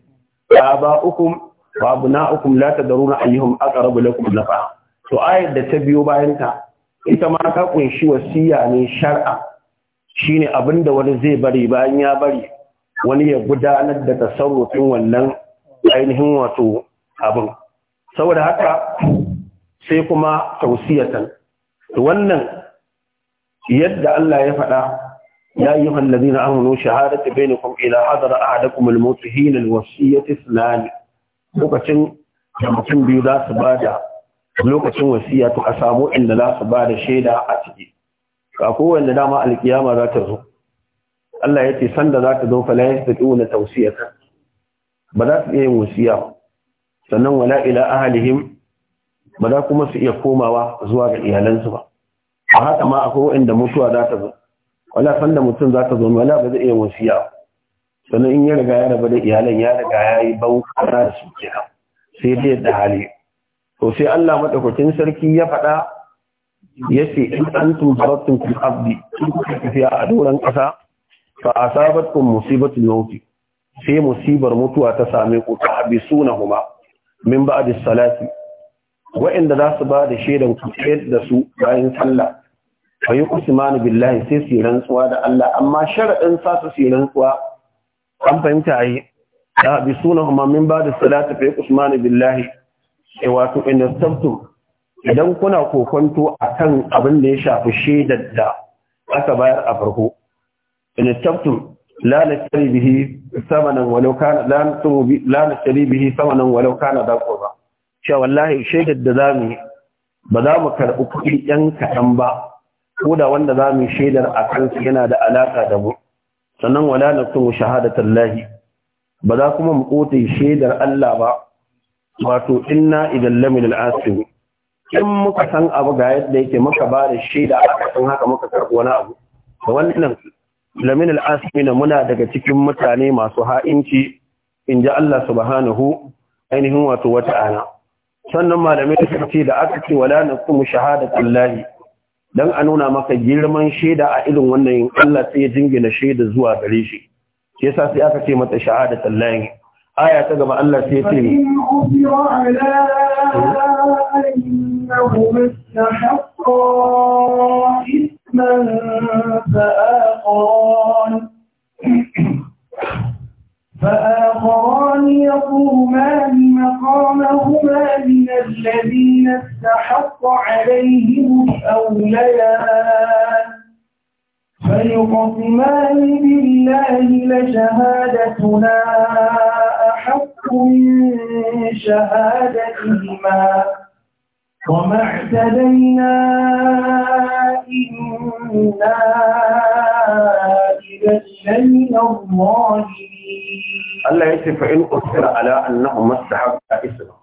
آباؤكم وأبناؤكم لا تدرون أيهم أقرب لكم نفعا to ayar da ta biyo bayanta ita ma ta kunshi wasiya ne shar'a shine abinda wani zai bari bayan ya bari wani ya gudanar da tasarrufin wannan ainihin wato abin saboda haka sai kuma tausiyatan wannan yadda Allah ya faɗa ya yi hallazina amanu shahadatu bainakum ila hadara ahadakum al-maut hina al-wasiyati ithnan lokacin da mutum biyu za su bada lokacin wasiya to a samu inda za su bada shaida a ciki ka kowanne dama alkiyama za ta zo Allah ya ce sanda za ta zo fa la yastati'una tawsiyatan ba za su iya yin wasiya sannan wala ila ahlihim ba za kuma su iya komawa zuwa ga iyalansu ba a haka ma akwai waɗanda mutuwa za ta zo wala sanda mutum za ta zo wala ba zai iya wasiya sannan in ya riga ya raba da iyalan ya riga ya yi bankana da su kira sai dai da hali to sai Allah madaukakin sarki ya faɗa ya ce in antum barattum fil abdi in kuka tafiya a doron ƙasa fa asabatkum musibatul maut sai musibar mutuwa ta same ku ta habisuna huma min ba'di salati Wa'inda za su ba da shaidan ku da su bayan sallah fa yi usmanu billahi sai su rantsuwa da Allah amma sharadin sa su su rantsuwa an fahimta ai da bi sunahuma min ba da salatu fa yi usmanu billahi sai eh, wato in sabtu idan kuna kokonto akan abin da ya shafi shaidar da aka bayar a farko in sabtu la nashtari bihi samanan walau kana la walau kana da cewa wallahi shaidar da za mu ba za mu karɓi kuɗi ɗan kaɗan ba ko da wanda za mu shaidar a kansu yana da alaƙa da mu sannan wala na kuma shahadatan lahi ba za kuma mu kote shaidar Allah ba wato inna idan lamin al'asiru in muka san abu ga yadda yake muka ba da shaida a kasan haka muka karɓi wani abu da wannan lamin al'asiru muna daga cikin mutane masu ha'inci in ji Allah subhanahu ainihin wato wata ana sannan malamai suka ce da aka ce wala naqumu shahadatan lahi dan a nuna maka girman shaida a irin wannan Allah sai ya jingina shaida zuwa gare shi shi yasa sai aka ce mata shahadatan lahi aya ta gaba Allah sai ya ce ni فآقان فآخران يقومان مقامهما من الذين استحق عليهم الأوليان فيقسمان بالله لشهادتنا أحق من شهادتهما وما اعتدينا إنا إذا الشيء الظالمين Allah ya ce 'Fa'in in usira ala annahu mastahabba isma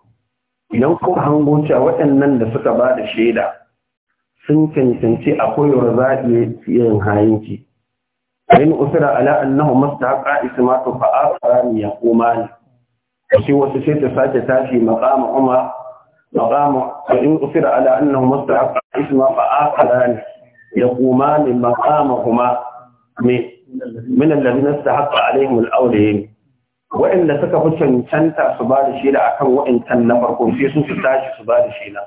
idan ko hango cewa waɗannan da suka ba da shaida sun cancanci a koyar zaɓi yin hayinci 'Fa'in usira ala annahu haƙa isma to fara ni ya koma ne shi wasu sai ta sake tashi maƙama umar maqama 'Fa'in in usira ala annahu mastahabba fa’a fara ni ya koma ne maƙama kuma me min alladhina istahaqqa alaihim al-awliyin Waɗanda suka fi cancanta su ba da shaida akan waɗancan na farko sai su su tashi su bada shaida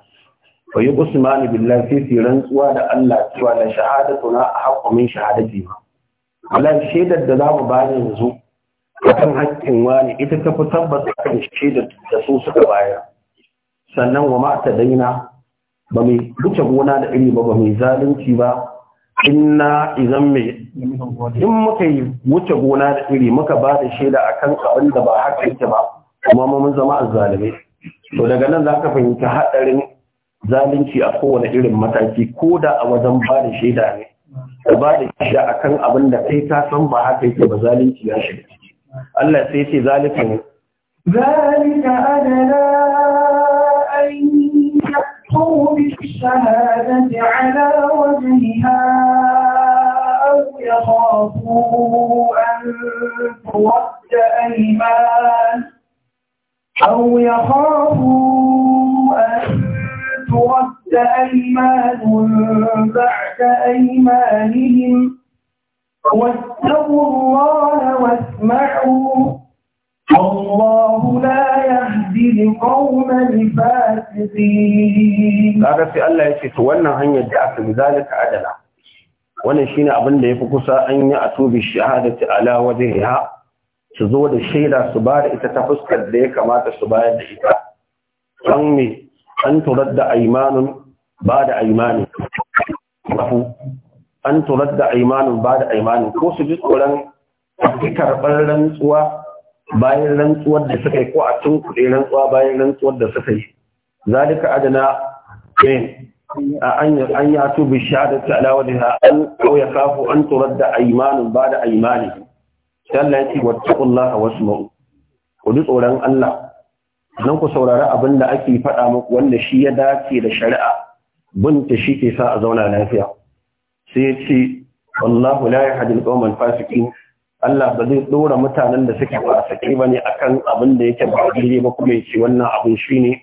fa yi usmani billahi sai su rantsuwa da Allah cewa la shahadatuna haqqu min shahadati ba? wallahi shaidar da za mu ba yanzu akan haƙƙin wani ita ta fi tabbata akan shaidar da su suka bayar sannan wa ma daina ba mai wuce gona da iri ba ba mai zalunci ba inna idan me in muka yi wuce gona da iri muka ba da shaida a kan abin da ba haka yake ba kuma mun zama a zalibai to daga nan za ka fahimci haɗarin zalunci a kowane irin mataki ko da a wajen ba da shaida ne ka ba da shaida a kan abin da kai ka san ba haka yake ba zalunci ya shiga Allah sai ce zalika ne zalika adana فأتوا بالشهادة على وجهها أو يخافوا أن ترد أيمان أو يخافوا أن ترد أيمان بعد أيمانهم واتقوا الله واسمعوا والله لا يهدي القوم الفاسقين kaga sai Allah ya ce to wannan hanyar da aka ka adala wannan shine abin da ya fi kusa an yi a tubi shahadati ala wajhiha su zo da shaida su ba da ita ta fuskar da ya kamata su bayar da ita an me an turadda aymanun ba da aymanin an turadda aymanun ba da aymanin ko su ji tsoron karɓar rantsuwa bayan rantsuwar da suka yi ko a tun kuɗe rantsuwa bayan rantsuwar da suka yi zalika adana min an ya tubi shahadatu ala wajha an aw yakhafu an turadda aymanun ba'da aymanihi Allah ya ce wattaqullaha wasma'u ku ji tsoron Allah nan ku saurari abin da ake faɗa muku wanda shi ya dace da shari'a binta shi ke sa a zauna lafiya sai ya ce wallahu la yahdi al-qawma al-fasiqin Allah ba zai ɗora mutanen da suke ba sake ba ne akan abin da yake ba daidai ba kuma yake wannan abin shi ne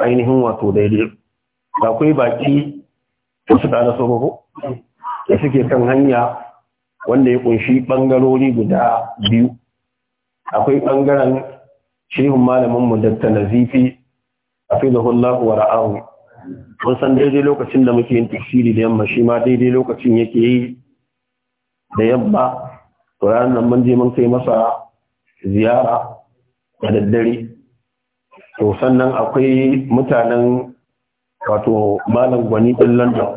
ainihin wato daidai da akwai baki da su da so ko da suke kan hanya wanda ya kunshi bangarori guda biyu akwai bangaren shehun malamin mu dakta fi zahun wa ahu. mun san daidai lokacin da muke yin tafsiri da yamma shi ma daidai lokacin yake yi da yamma to ranar nan mun je mun kai masa ziyara da daddare to sannan akwai mutanen wato malam gwani ɗin london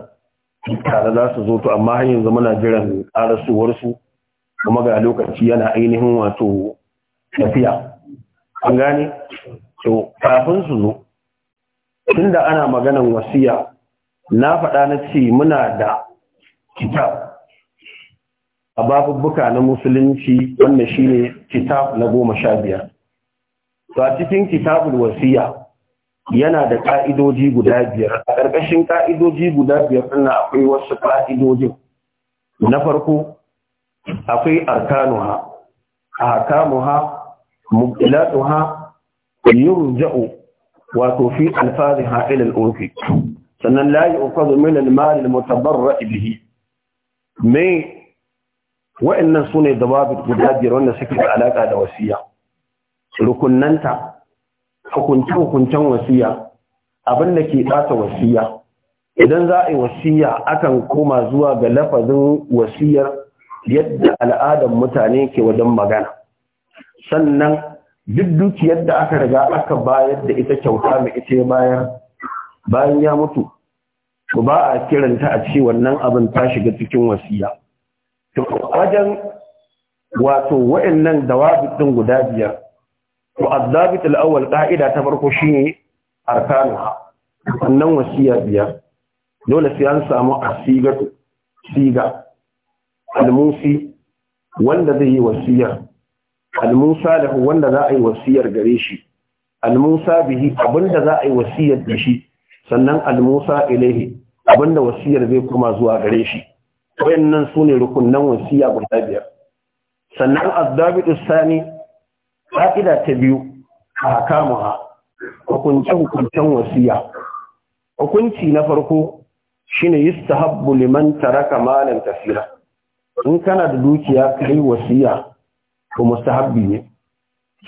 tare za su zo to amma har yanzu muna jiran ƙarasuwarsu kuma ga lokaci yana ainihin wato tafiya an gane to kafin su zo tunda ana maganan wasiya na faɗa na ce muna da kitab a babubbuka na musulunci wannan shine kitab na goma sha biyar to a cikin kitabul wasiya yana da ka'idoji guda biyar a ƙarƙashin ka'idoji guda biyar ɗin akwai wasu ka'idojin na farko akwai arkanuha ahkamuha mubtilatuha yurja'u wato fi alfaziha ila al-urfi sannan la yu'khadhu min al-mal al-mutabarra bihi mai wa'annan su ne da babu guda biyar wanda suke da alaƙa da wasiya rukunnanta hukunce-hukuncen wasiya abin da ke ɓata wasiya idan za a yi wasiya akan koma zuwa ga lafazin wasiyar yadda al'adar mutane ke wajen magana sannan duk dukiyar da aka riga aka bayar da ita kyauta mai ita bayar bayan ya mutu ba a kiranta a ce wannan abin ta shiga cikin wasiya to wajen wato wa'annan dawabit din guda biyar to addabit al-awwal qa'ida ta farko shine arkanuha sannan wasiya biyar dole sai an samu a siga almusi wanda zai yi wasiyar almusa da wanda za a yi wasiyar gare shi almusa bihi abinda za a yi wasiyar da shi sannan almusa ilaihi abinda wasiyar zai kuma zuwa gare shi wayannan su ne rukunan wasiya guda biyar sannan azdabitu sani ka'ida ta biyu a ahkamuha hukunce hukuncen wasiya hukunci na farko shine yustahabbu liman taraka malan kasira in kana da dukiya kai wasiya to mustahabbi ne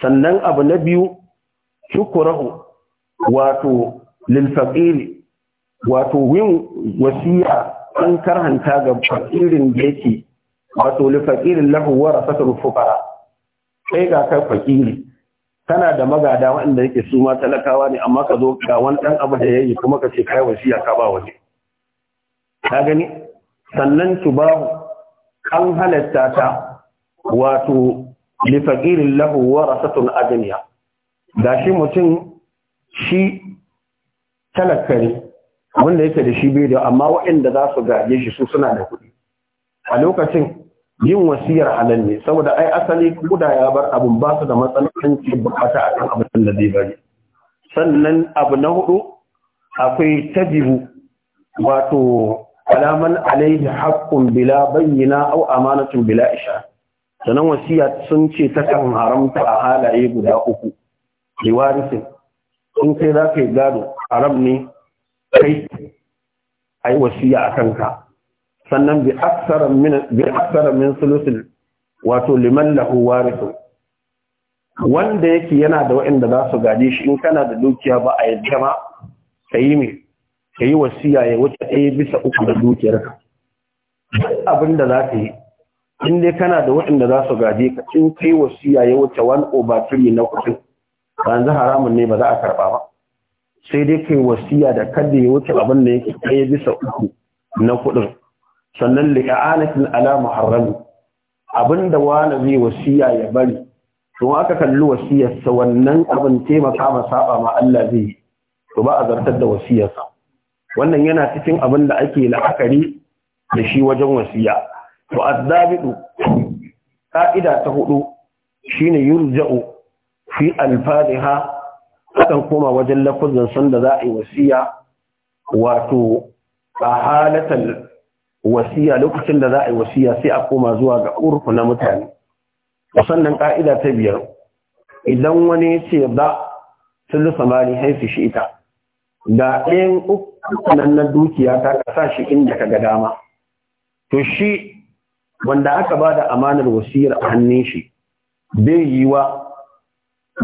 sannan abu na biyu shukurahu wato lil wato yin wasiya an karhanta ga fakirin da yake wato li fakirin lahu warasatul fuqara kai ga kai fakiri kana da magada waɗanda yake su ma talakawa ne amma ka zo ga wani dan abu da yayi kuma ka ce kai wasiya ka ba wani ka gani sannan ba an halatta ta wato li fakirin lahu warasatul adniya gashi mutum shi talakari wanda yake da shi bai da amma waɗanda za su gaje shi su suna da kuɗi a lokacin yin wasiyar halal ne saboda ai asali kuda ya bar abun ba su da matsalanci bukata a kan abin da zai bari sannan abu na hudu akwai tajibu wato alaman alaihi haƙƙun bila bayyina au amanatun bila isha sanan wasiya sun ce ta kan haramta a halaye guda uku liwarisin in kai za ka yi gado haram ne kai ai wasiya a kanka sannan bi aksara min bi aksara min sulusul wato liman lahu warithu wanda yake yana da waɗanda za su gaje shi in kana da dukiya ba a yadda ma kayi me kayi wasiya ya wuce ɗaya bisa uku da dukiyarka ka abin da za ka yi in dai kana da waɗanda za su gaje ka in kai wasiya ya wuce wani over na kuɗin yanzu haramun ne ba za a karɓa ba sai dai kai wasiya da kada ya wuce abin da yake kai bisa uku na kuɗin sannan li'anatin ala muharram abin da wani zai wasiya ya bari to aka kalli wasiyarsa wannan abin taimaka ma saba ma Allah zai yi to ba a zartar da wasiyarsa wannan yana cikin abin da ake la'akari da shi wajen wasiya to azabidu ka'ida ta hudu shine yurja'u fi alfadiha akan koma wajen lafazin sanda za a yi wasiya wato a halatar wasiya lokacin da za a yi wasiya sai a koma zuwa ga urku na mutane sannan ƙa'ida ta biyar idan wani ce ba sulusa mali haifi shi ita da ɗayan na dukiya ta ƙasa shi inda ka ga dama to shi wanda aka ba da amanar wasiyar a hannun shi bai yiwa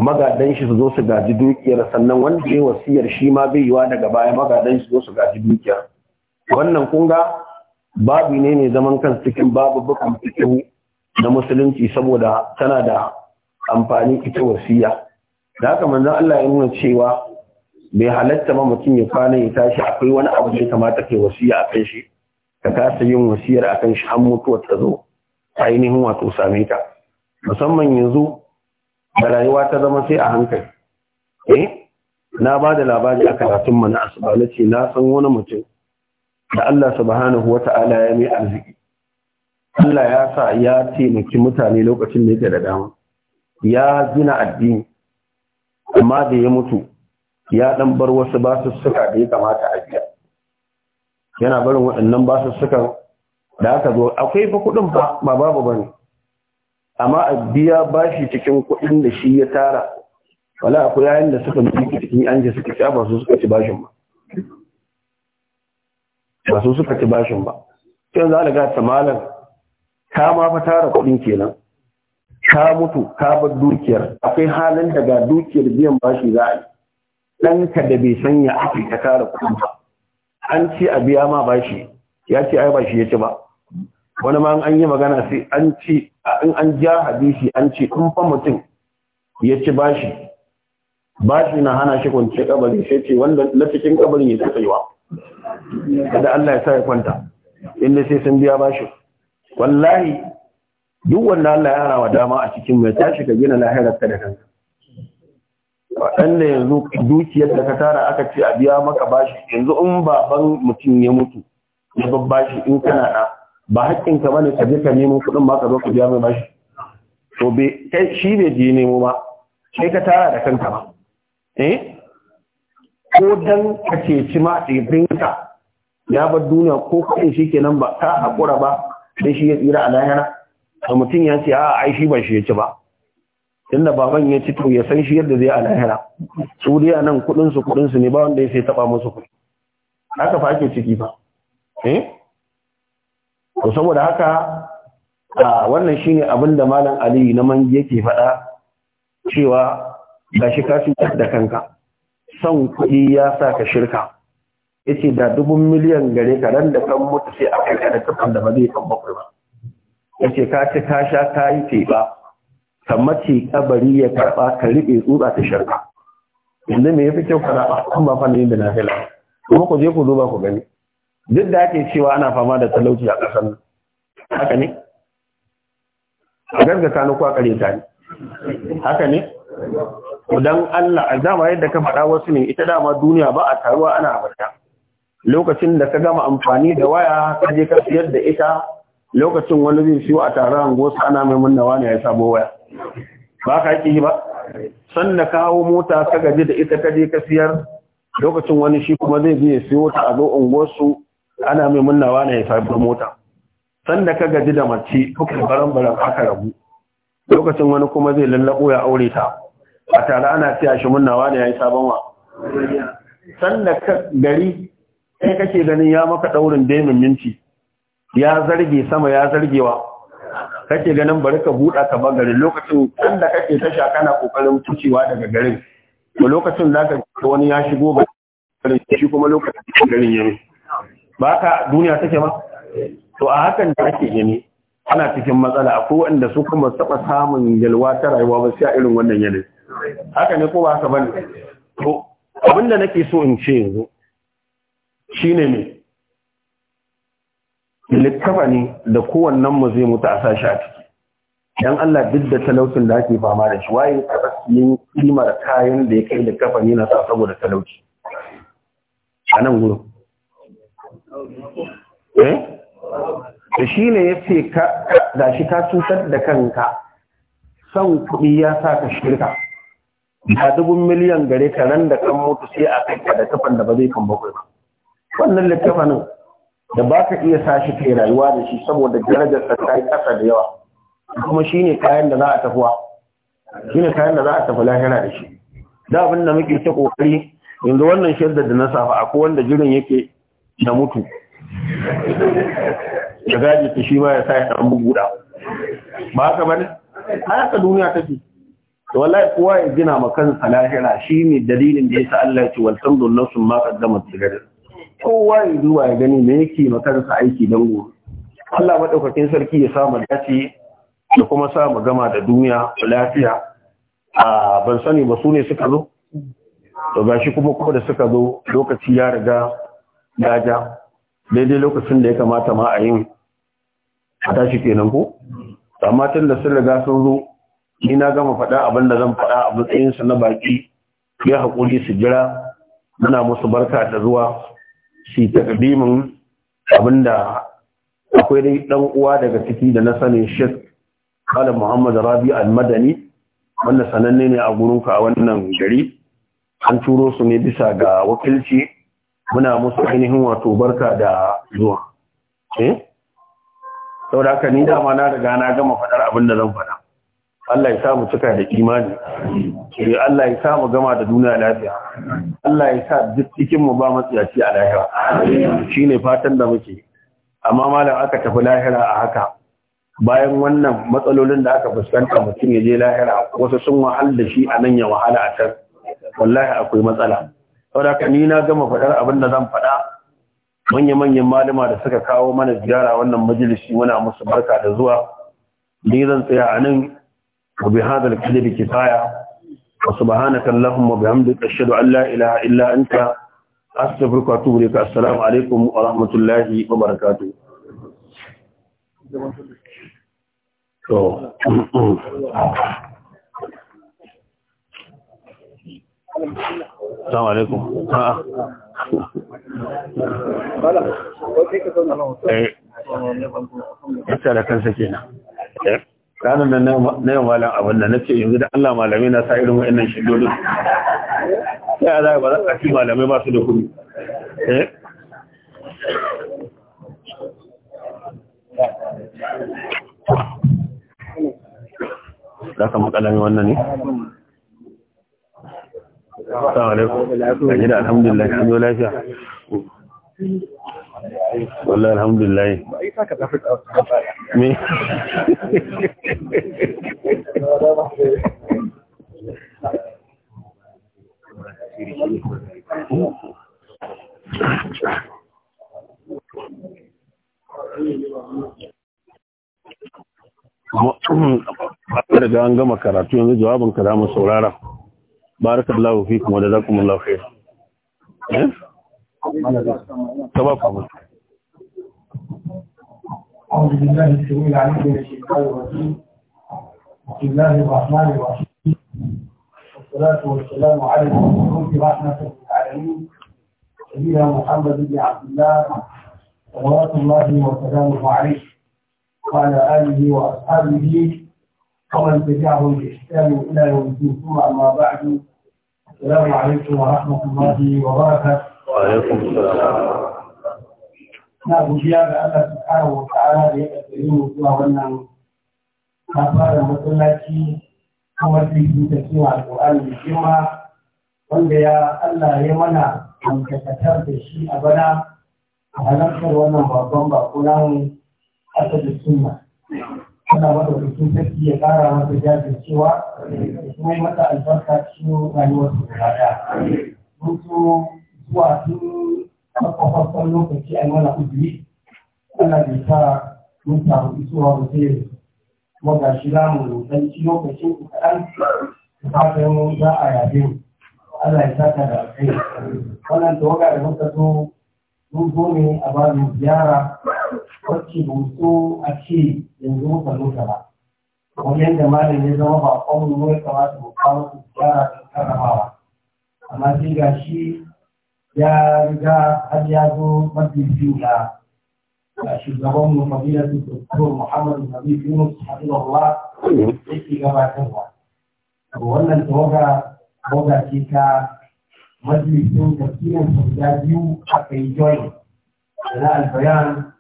magadan shi su zo su gaji dukiyar sannan wanda ya wasiyar shi ma bai yiwa daga baya magadan shi zo su gaji dukiyar wannan kunga babu ne ne zaman kan cikin babu bukan cikin na musulunci saboda tana da amfani ita wasiya da haka manzo Allah ya nuna cewa bai halatta ma mutum ya kwana ya tashi akwai wani abu da ya kamata kai wasiya a kan shi ka kasa yin wasiyar a kan shi har mutuwar ta zo ainihin wato same ta musamman yanzu da rayuwa ta zama sai a hankali eh na ba da labari a karatun mana asuba na ce na san wani mutum da Allah subhanahu wa ta'ala ya mai arziki Allah ya sa ya taimaki mutane lokacin da yake da dama ya gina addini amma da ya mutu ya dan bar wasu basussuka da ya kamata a biya yana barin waɗannan basussukan da aka zo akwai fa kuɗin ba babu bane amma a biya bashi cikin kuɗin da shi ya tara wala akwai yayin da suka bi cikin yanci suka ci ba su suka ci bashin ba ba su suka ci bashin ba cikin za a daga ta malam ma fa tara kuɗin kenan ka mutu ka bar dukiyar akwai halin daga dukiyar biyan bashi za a yi ɗanka da bai sanya ake ta tara kuɗin ba an ce a biya ma bashi ya ce ai ba shi ya ci ba wani ma an yi magana sai an ci in an ja hadisi an ce in fa mutum ya ci bashi bashi na hana shi kwance kabari sai ce wanda na cikin kabarin ya wa kada Allah ya sa ya kwanta inda sai sun biya bashi wallahi duk wanda Allah ya hana wa dama a cikin mai tashi ka gina lahirar ka da kanka waɗanda yanzu dukiyar da ka tara aka ce a biya maka bashi yanzu in baban mutum ya mutu ya babbashi in kana da ba hakkin ka bane ka je ka nemo kuɗin ba ka zo ka biya mai bashi to be kai shi bai je nemo ba sai ka tara da kanka ba eh ko dan ka ce ci ma ka, ya bar duniya ko kuɗin shi kenan ba ka haƙura ba sai shi ya tsira a lahira to mutum ya ce a ai shi ba shi ya ci ba Inda baban ya ci to ya san shi yadda zai a lahira su dai a nan kuɗinsu kuɗinsu ne ba wanda ya sai taba musu kuɗi haka fa ake ciki ba eh to saboda haka a wannan shine abin da malam aliyu na mangi yake faɗa cewa gashi ka cutar da kanka son kuɗi ya sa ka shirka yace da dubun miliyan gare ka ran da kan mutu sai a kai da kafan da ba zai kan bakwai ba yace ka ci ka sha ka yi teba ka mace kabari ya karba ka riɓe tsutsa ta shirka yanzu me yafi kyau ka zaɓa kuma ba fannin da na fila kuma ku je ku duba ku gani duk da ake cewa ana fama da talauci a ƙasar nan haka ne a gargata ni kwa ta ne haka ne don Allah a dama yadda ka faɗa wasu ne ita dama duniya ba a taruwa ana abarta lokacin da ka gama amfani da waya ka je ka siyar da ita lokacin wani zai siyo a taron gosa ana mai munnawa ne ya sabo waya ba ka yi ba sanda kawo mota ka gaji da ita ka je ka siyar lokacin wani shi kuma zai biya siyo ta a zo unguwarsu ana mai munnawa na ya sabuwar mota sanda ka gaji da mace kuka baran baran aka rabu lokacin wani kuma zai lallabo ya aure ta a tare ana ce a shi munnawa ne ya yi sabon wa sanda ka gari sai kake ganin ya maka daurin daimin minti ya zarge sama ya zargewa kake ganin bari ka buɗa ta bangare lokacin sanda kake tasha kana kokarin cucewa daga garin to lokacin zaka wani ya shigo ba shi kuma lokacin garin ya ba ka duniya take ba to a hakan da ake gani ana cikin matsala akwai wanda su kuma saba samun yalwa ta rayuwa ba sai irin wannan yanayi haka ne ko ba haka bane to abin da nake so in ce yanzu shine ne. littafa ne da kowannen mu zai mutu a sashi a ciki dan Allah duk da talaucin da ake fama da shi waye yin kimar kayan da ya kai littafa ne na sa saboda talauci anan nan gurin Eh? da shi ne ya ce da shi ka cutar da kanka son kuɗi ya sa ka shirka ba dubun miliyan gare ka nan da kan mutu sai a kai da kafan da ba zai kan bakwai ba wannan littafanin da ba ka iya sa shi kai rayuwa da shi saboda darajarsa ta yi ƙasa da yawa kuma shi ne kayan da za a tafiwa shi ne kayan da za a tafi lahira da shi da abin da muke ta ƙoƙari yanzu wannan shaidar da na safa akwai wanda jirin yake na mutu ya gaji ta shi ma ya sa ya ɗan buguda ba haka ba haka duniya ta ce. to wallahi kowa ya gina ma kansa lahira ne dalilin da yasa Allah ya ce wal tanzur nafsun ma qaddamat ligad kowa ya duba ya gani me yake ma kansa aiki dan gobe Allah madaukakin sarki ya samu dace da kuma samu gama da duniya lafiya a ban sani ba su ne suka zo to gashi kuma kuma da suka zo lokaci ya riga ya daidai lokacin da ya kamata ma a yin a tashi kenan ko amma tun da sun riga sun zo ni na gama faɗa abin da zan faɗa a matsayinsu na baki ya haƙuri su jira muna musu barka da zuwa shi takdimin abin da akwai dai ɗan uwa daga ciki da na sanin shek kala muhammad rabi al-madani wanda sananne ne a gurinka a wannan gari an turo su ne bisa ga wakilci muna musu ainihin wato barka da zuwa eh saboda haka ni dama na riga na gama faɗar abin da zan faɗa Allah ya sa cika da imani sai eh, Allah ya sa gama da duniya lafiya Allah ya sa duk cikin mu ba matsiyaci a lahira Shi ne fatan da muke amma malam aka tafi lahira a haka bayan wannan matsalolin da aka fuskanta mutum ya je lahira wasu sun wahal da shi a nan ya wahala a can wallahi akwai matsala saboda ni na gama faɗar abin da zan faɗa manya-manyan malama da suka kawo mana ziyara wannan majalisi muna musu barka da zuwa ni zan tsaya a nan wa bi hadal kalibi kifaya wa subhanaka allahumma bihamdika ashhadu an la ilaha illa anta astaghfiruka wa atubu ilaik assalamu alaikum wa rahmatullahi wa barakatuh to Assalamu alaikum. A'a. Eh. da kansa kenan. Eh. Ranar nan na yau malam abin na ce yanzu da Allah malamai na sa irin wa'annan shidodin. Sai a zai ba za a ci malamai ba da kuɗi. Eh. Za ka makalami wannan ne? Assalamu alaikum. Ka gida Ba da gama karatu yanzu jawabin ka za mu saurara. barakallahu fikum wa jazakumullahu khair eh tabakum أعوذ بالله السميع العليم من الشيطان الرجيم بسم الله الرحمن الرحيم والصلاة والسلام على المبعوث رحمة للعالمين سيدنا محمد بن عبد الله صلوات الله وسلامه عليه وعلى آله وأصحابه ومن تبعهم بإحسان إلى يوم الدين ثم أما بعد السلام عليكم ورحمة الله وبركاته وعليكم السلام na godiya ga Allah subhanahu wa ta'ala da ya kaddare mu zuwa wannan kafarar masallaci kuma sai su ta cewa alƙur'ani da girma wanda ya Allah ya mana amfakatar da shi a bana a halartar wannan babban bako ya ƙara masa jajircewa kuma mata albarka cikin rayuwar su da rada. Mun zuwa tun farko lokaci a mana uzuri. ana bai sa mun samu isowa ba sai kuma ga shi za mu ɗanci lokacin ku kaɗan fatan za a yabe mu. Allah ya saka da kai. Wannan tawaga da muka zo mun zo ne a ba ziyara wacce ba so a ce yanzu muka zo ta ba. kamar yadda malam ya zama ba kwamnu ya kamata mu kawo su gyara da karamawa amma sai ga shi ya riga har ya zo mafi biyu da shugaban mu fadila su doktor muhammad nabi yunus hadilullah yake gabatarwa wannan tawaga tawaga ce ta majalisun tafsirin guda biyu a yi join da na albayan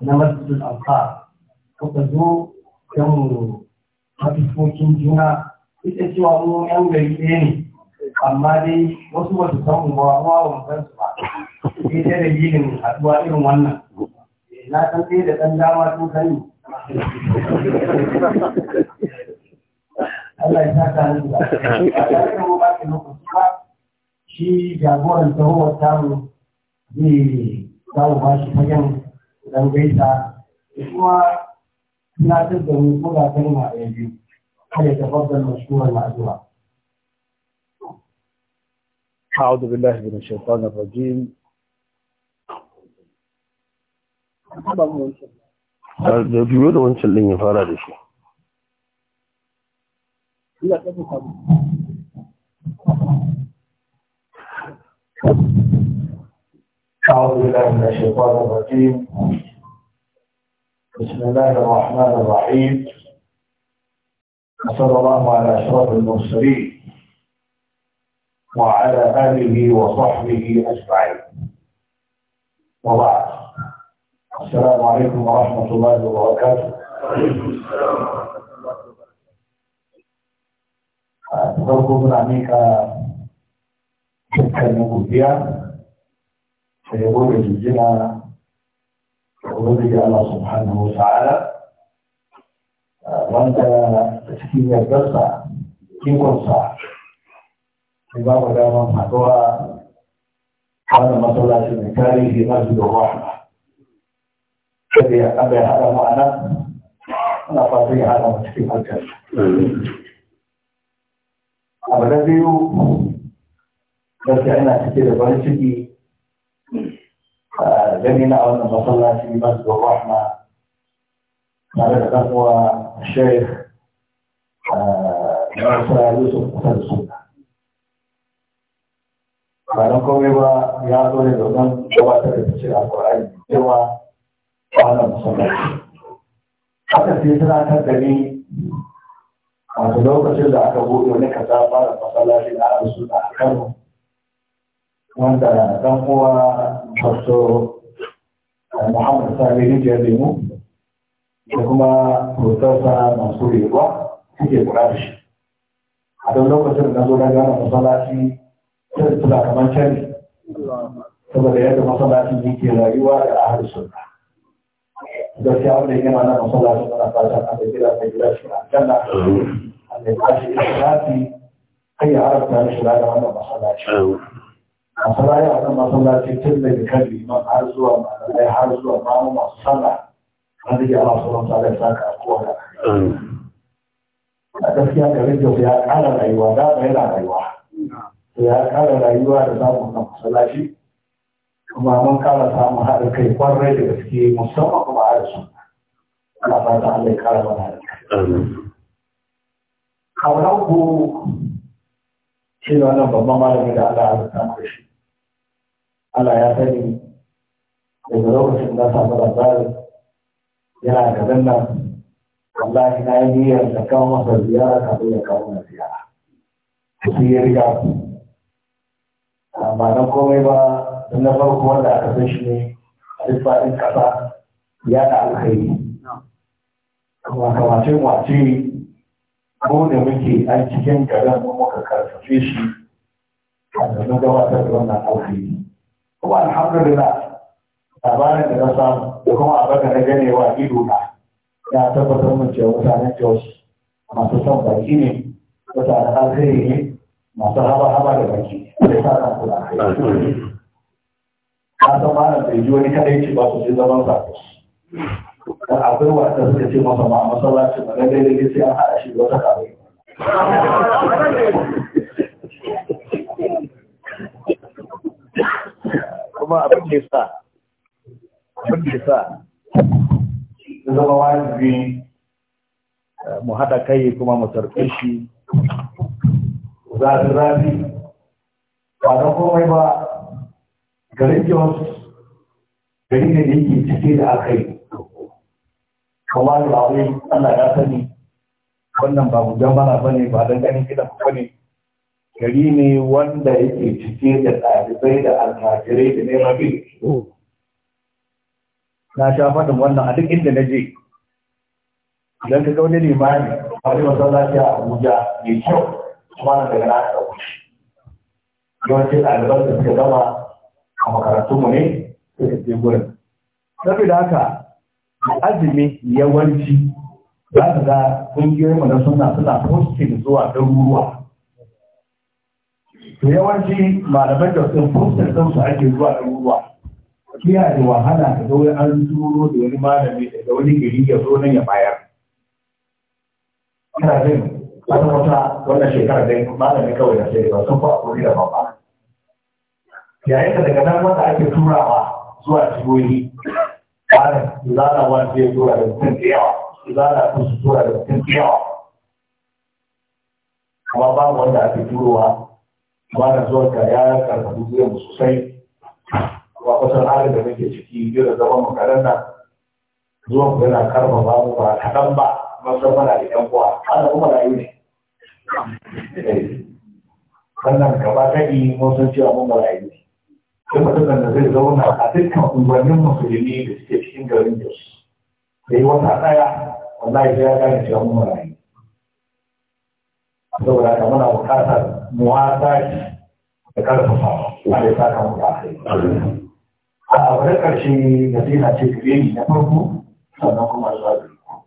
na masjidul ansar kuka zo don mu matukokin juna ita cewa mu yan gari ɗaya ne amma dai wasu wasu san ba kuma ba mu su ba sai da dalilin haɗuwa irin wannan eh, na san sai da ɗan dama sun sani Allah ya saka ni da a mu ba ki lokaci ba shi jagoran tahowar tamu zai kawo ba shi fagen don gaisa kuma na tattaru kuma kalma ɗaya biyu kada ta fadar mashkuwar ma'azura أعوذ بالله من da biyu da wancan ɗin ya fara da shi بسم الله الرحمن الرحيم وصلى الله على أشرف المرسلين وعلى آله وصحبه أجمعين وبعد السلام عليكم ورحمة الله وبركاته السلام menanyakan dukkan yang mulia, saya boleh jujur ربوبية الله سبحانه وتعالى وأنت تكين يدرسا كين قرصا إمام داما حقوها كان مصلاة المكاري في مسجد الرحمة كذي أبي هذا معنى أنا فاضي هذا مسكين الكلام أبدا بيو بس أنا كتير بارشتي جميلة أولا وصلنا في مسجد الرحمة على الأخوة الشيخ موسى يوسف أسد السنة bayan komai ba ya zo ne domin gabatar da cikin alkur'ani cewa kwanan musamman haka sai tunatar da ni wato lokacin da aka buɗe wani kaza fara masallaci na a kano wanda dan uwa Muhammad Sani Rijiyar Lemu da kuma Profesa masu rewa suke kula da shi. A don lokacin da na zo na masalaci masallaci sai su kamar can saboda yadda masalaci ne ke rayuwa da ahal sunna. Gaskiya wanda gina na masalaci mana fata a da gida mai gida shi a can da a da ya kashi ita zafi kai ya harafta mishi da wannan masalaci a sarari a nan masallaci tun daga kan liman har zuwa malamai har zuwa mamu masu sallah an rage ala sauran sa zai saka a kowane a gaskiya da rage ya kara rayuwa da da yana rayuwa to ya kara rayuwa da samun na masallaci kuma mun kara samun haɗa kai kwarai da gaske musamman kuma a rasu ana fata Allah ya kara mana da kai. Kawo na uku shi ne wannan babban malami da Allah ya samu da shi. Allah ya sani daga lokacin na samu labarin yana da nan wallahi na yi niyyar da kawo masa ziyara kafin ya kawo na ziyara Ta fiye riga ba na komai ba don na farko wanda aka san shi ne a duk faɗin ƙasa ya da alkhairi kuma kamacin wace ko da muke an cikin garin muka karfafe shi a da gabatar da wannan alkhairi kuma alhamdulillah labarin da na samu da kuma abin da na gane wa ido na ya tabbatar mun cewa mutanen jos masu son baki ne mutanen alheri ne masu haba-haba da baki da sa kan kula na san malam bai ji wani kadai ce ba su je zaman ba. dan akwai wata suka ce masa ma a masallacin ba na daidai sai an haɗa shi da wata kawai da ya sa abin zama wajibi eh, mu haɗa kai kuma mu tarfe shi zafi-zafi ba don komai ba garin jos gari ne da yake cike da aka yi kawai ba wai allah ya sani wannan ba mu bana ba ne ba don ganin gidan ba ne gari ne wanda yake cike da ɗalibai da almajirai da neman ilimi oh. na sha faɗin wannan a duk inda na je idan ka ga wani limani a wani masallaci a abuja mai kyau kuma na daga nasa ɗauki yawancin ɗaliban da suka gama a mu ne suka je gurin saboda haka azumi yawanci za ka ga ƙungiyoyinmu na suna suna posting zuwa ɗaruruwa to yawanci malaman da sun fuskar da su ake zuwa ɗaruruwa kiya da wahala ka zo an turo da wani malami da wani gari ya zo nan ya bayar ina jin wata wata wannan shekara dai malami kawai da sai ba sun fa kuri da babba yayin da daga nan wanda ake turawa zuwa jihohi malam zana wani zai tura da mutum da yawa zana su su tura da mutum da yawa kuma babu wanda ake turowa ba na zuwa ka ya karfafi zuwan sosai ba kusan halin da muke ciki biyu da zaman makaranta zuwa ku yana ba mu ba kaɗan ba san mana da ɗan kuwa ana kuma rayu ne wannan gaba kaɗi mun san cewa mun mara ne sai mutum da zai zauna a dukkan unguwannin musulmi da suke cikin garin jos da yi wata ɗaya wallahi sai ya gane cewa mun mara marayu saboda haka muna buƙatar muwasa da karfafa a da saka mu da a abu da ƙarshe da zai na ce gare ni na farko sannan kuma zuwa gare ku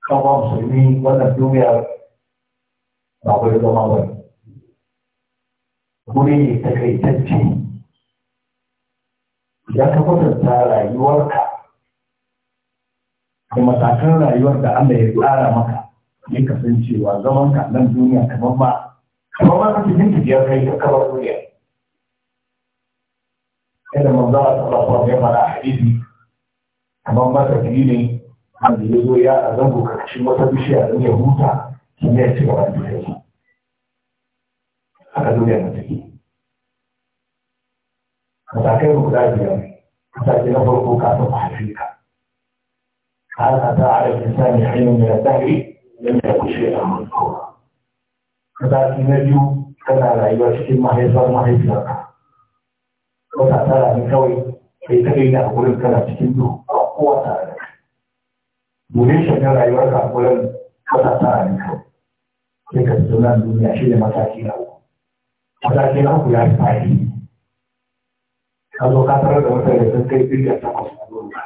kawo musulmi wannan duniyar ba ku zama ba wuri ne takaitacce idan ka kwatanta rayuwarka da matakan rayuwar da Allah ya tsara maka ya kasancewa zaman ka nan duniya kamar ba kamar ba kake jin tafiya kai ka kawo duniya kada a Allah sallallahu alaihi mana a hadisi kamar ba ta ne wanda ya zo ya ka shi wata bishiya don ya huta sun ya ci gaba da duniya haka duniya na take matakai guda biyar mataki na farko kafin a ta ka هذا على ne حين da الدهر yana kushe a mutuwa. Mataki na biyu kana rayuwa cikin mahaifar mahaifiyarka. Wata tara ne kawai kai kaɗai na wurin kana cikin duhu a kowa tare da kai. Domin shagar rayuwar a wurin wata tara ne kawai. Sai ka fito nan duniya shi ne mataki na uku. Mataki na uku ya fi fahimci. Ka zo ka tarar da mutane sun kai biliyan takwas na duniya.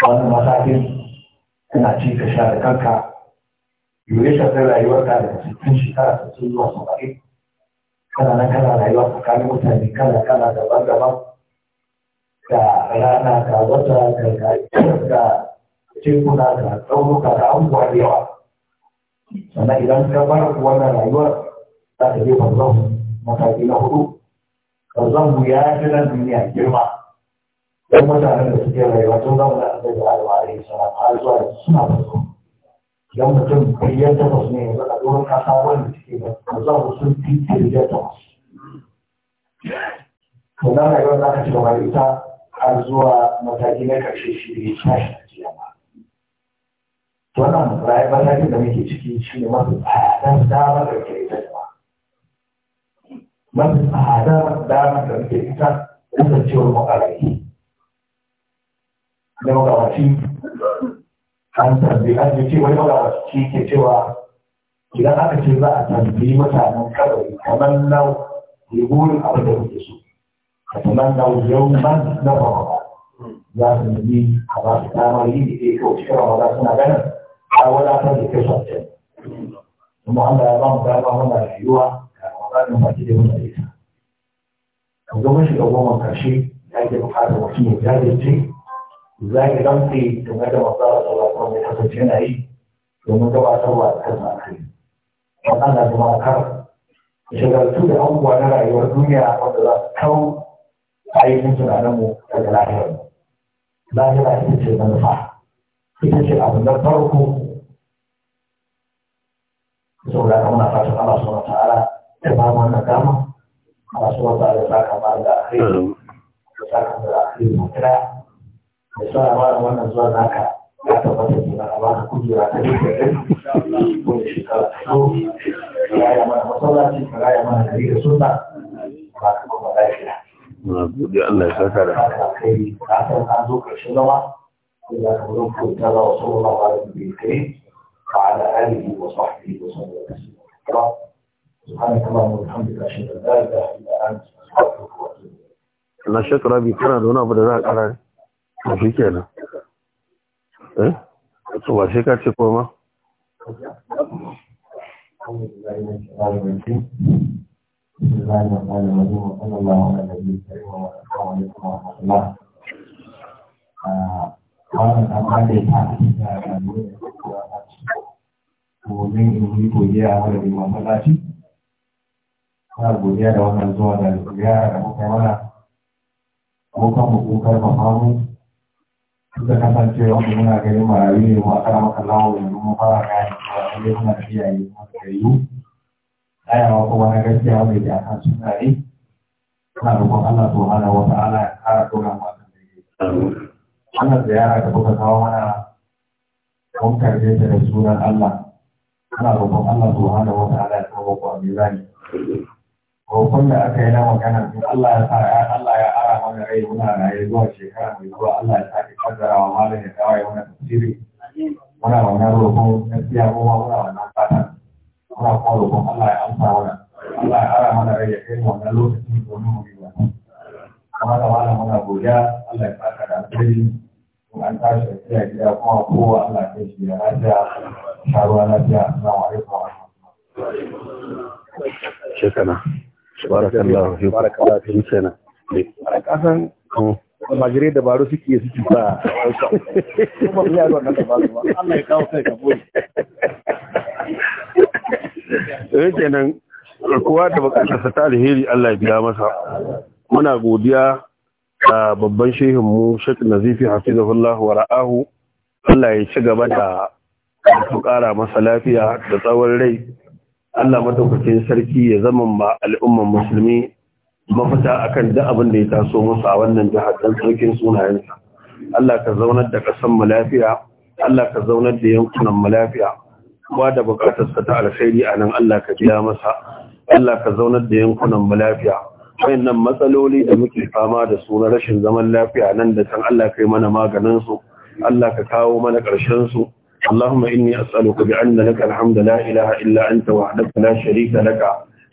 Wannan matakin kana ci ka sha da kanka yoye shafin rayuwarka daga cikin shekara sassun zuwa saba'in kana nan kana rayuwa tsakanin mutane kana kana daban-daban ga rana da wata ka tekuna ga tsaunuka da abubuwa da yawa sannan idan ka bar wannan rayuwar za ka je banzan mataki na hudu banzan mu ya fi nan duniya girma don mutanen da suke rayuwa tun zama da annabi Adam alaihi salam har zuwa suna da su idan mutum bai yadda ba su ne yanzu a doron kasa wanda suke da zama sun fi kirgiyar da wasu. na rayuwar za ka ci gaba da ita har zuwa mataki na ƙarshe shi ne tashi a kiyama. Wannan rayuwar matakin da muke ciki shi ne mafi tsadar damar da ke ita jama. Mafi tsadar damar da muke ita kasancewar mu a rayu. da magawaci an tambayi an ce wani magawaci ke cewa idan aka ce za a tambayi mutanen kabari kamar nau ya abin da kuke so a kamar nau yau man na ba za su nemi a ba su damar yi da ke kawai cikin ramadan suna ganin a wadatar da kai su a kuma Allah ya ba mu dama muna rayuwa ga ramadan baki da muna da ita. Ka zama shiga goma karshe ya ke bukatar mutum ya jajirce zai rantsi game da matsala sallallahu alaihi wasallam yana yi domin gabatarwa da kan na zama da rayuwar duniya wanda za su kawo mu daga lahirar lahira ita ce manufa ita ce farko saboda haka muna fatan Allah subhanahu ta'ala ya mu da da sa ba wannan zuwa ka ya tabbata suna a baka kujera ta yi da ɗari ko da shekara ta so ka raya mana masallaci ka raya mana gari da suna ba ka kuma lafiya. Na gode Allah ya saka da. Kai ka san an zo ƙarshen zama sai za ka wurin kuta za wa sauran labarin da bai kai فعلى آله وصحبه وسلم تسليما كثيرا سبحانك اللهم وبحمدك ka أن لا إله إلا أنت أستغفرك وأتوب إليك. أنا شكرا بكرة دون أبدا ذاك to shi kenan eh to ba shi ka ce koma wannan amma da ya ta da nuna cewa a ta domin in yi ta a wani masallaci ta godiya da wannan zuwa da ziyara da muka mana ko kan mu ko karfafa mu da kasance wanda muna ganin marayu ne ma kara maka lawo yanzu mun fara gani cewa lalle muna da iyaye masu gayyu tsayawa kuma na gaskiya wanda ke akan suna ne muna roƙon Allah subhanahu wa ta'ala ya kara dora mu da daidai wannan ziyara da kuka kawo mana mun karbe ta da sunan Allah ana roƙon Allah subhanahu wa ta'ala ya kawo ku a mizani roƙon da aka yi na magana in Allah ya sa ya Allah ya ara mana rai muna raye zuwa shekara mai zuwa Allah ya sake kaddara wa malam ya dawo ya mana tafsiri muna wannan roƙon gaskiya mu ma muna wannan fata muna kuma roƙon Allah ya amsa mana Allah ya ara mana rai ya kai mu wannan lokaci domin mu yi wannan kamar da malam muna godiya Allah ya saka da alheri in an tashi da gida gida kuma kowa Allah ya kai shi ya lafiya sharuwa lafiya assalamu alaikum wa rahmatullahi shekara barakallahu hmm. suke kenan kowa da ta alheri Allah ya biya masa muna godiya a babban shehin mu Sheikh Nazifi hafizahullah wa ra'ahu Allah ya ci gaba da ƙara masa lafiya da tsawon rai Allah madaukakin sarki ya zama ma al'umman musulmi mafita akan duk abin da ya taso musu a wannan jihar dan sarkin sunayensa Allah ka zaunar da kasan mu lafiya Allah ka zaunar da yankunan mu lafiya kowa da bukatarsa ta alkhairi nan Allah ka biya masa Allah ka zaunar da yankunan mu lafiya wayannan matsaloli da muke fama da su na rashin zaman lafiya nan da can Allah kai mana maganin su Allah ka kawo mana ƙarshen su اللهم إني أسألك بأن لك الحمد لا إله إلا أنت وحدك لا شريك لك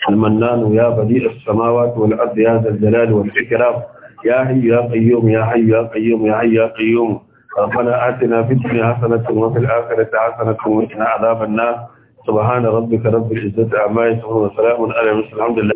المنان يا بديع السماوات والأرض يا ذا الجلال والإكرام يا حي يا قيوم يا حي يا قيوم يا حي يا قيوم ربنا آتنا في الدنيا حسنة وفي الآخرة حسنة وقنا عذاب النار سبحان ربك رب العزة عما يصفون وسلام على المرسلين الحمد لله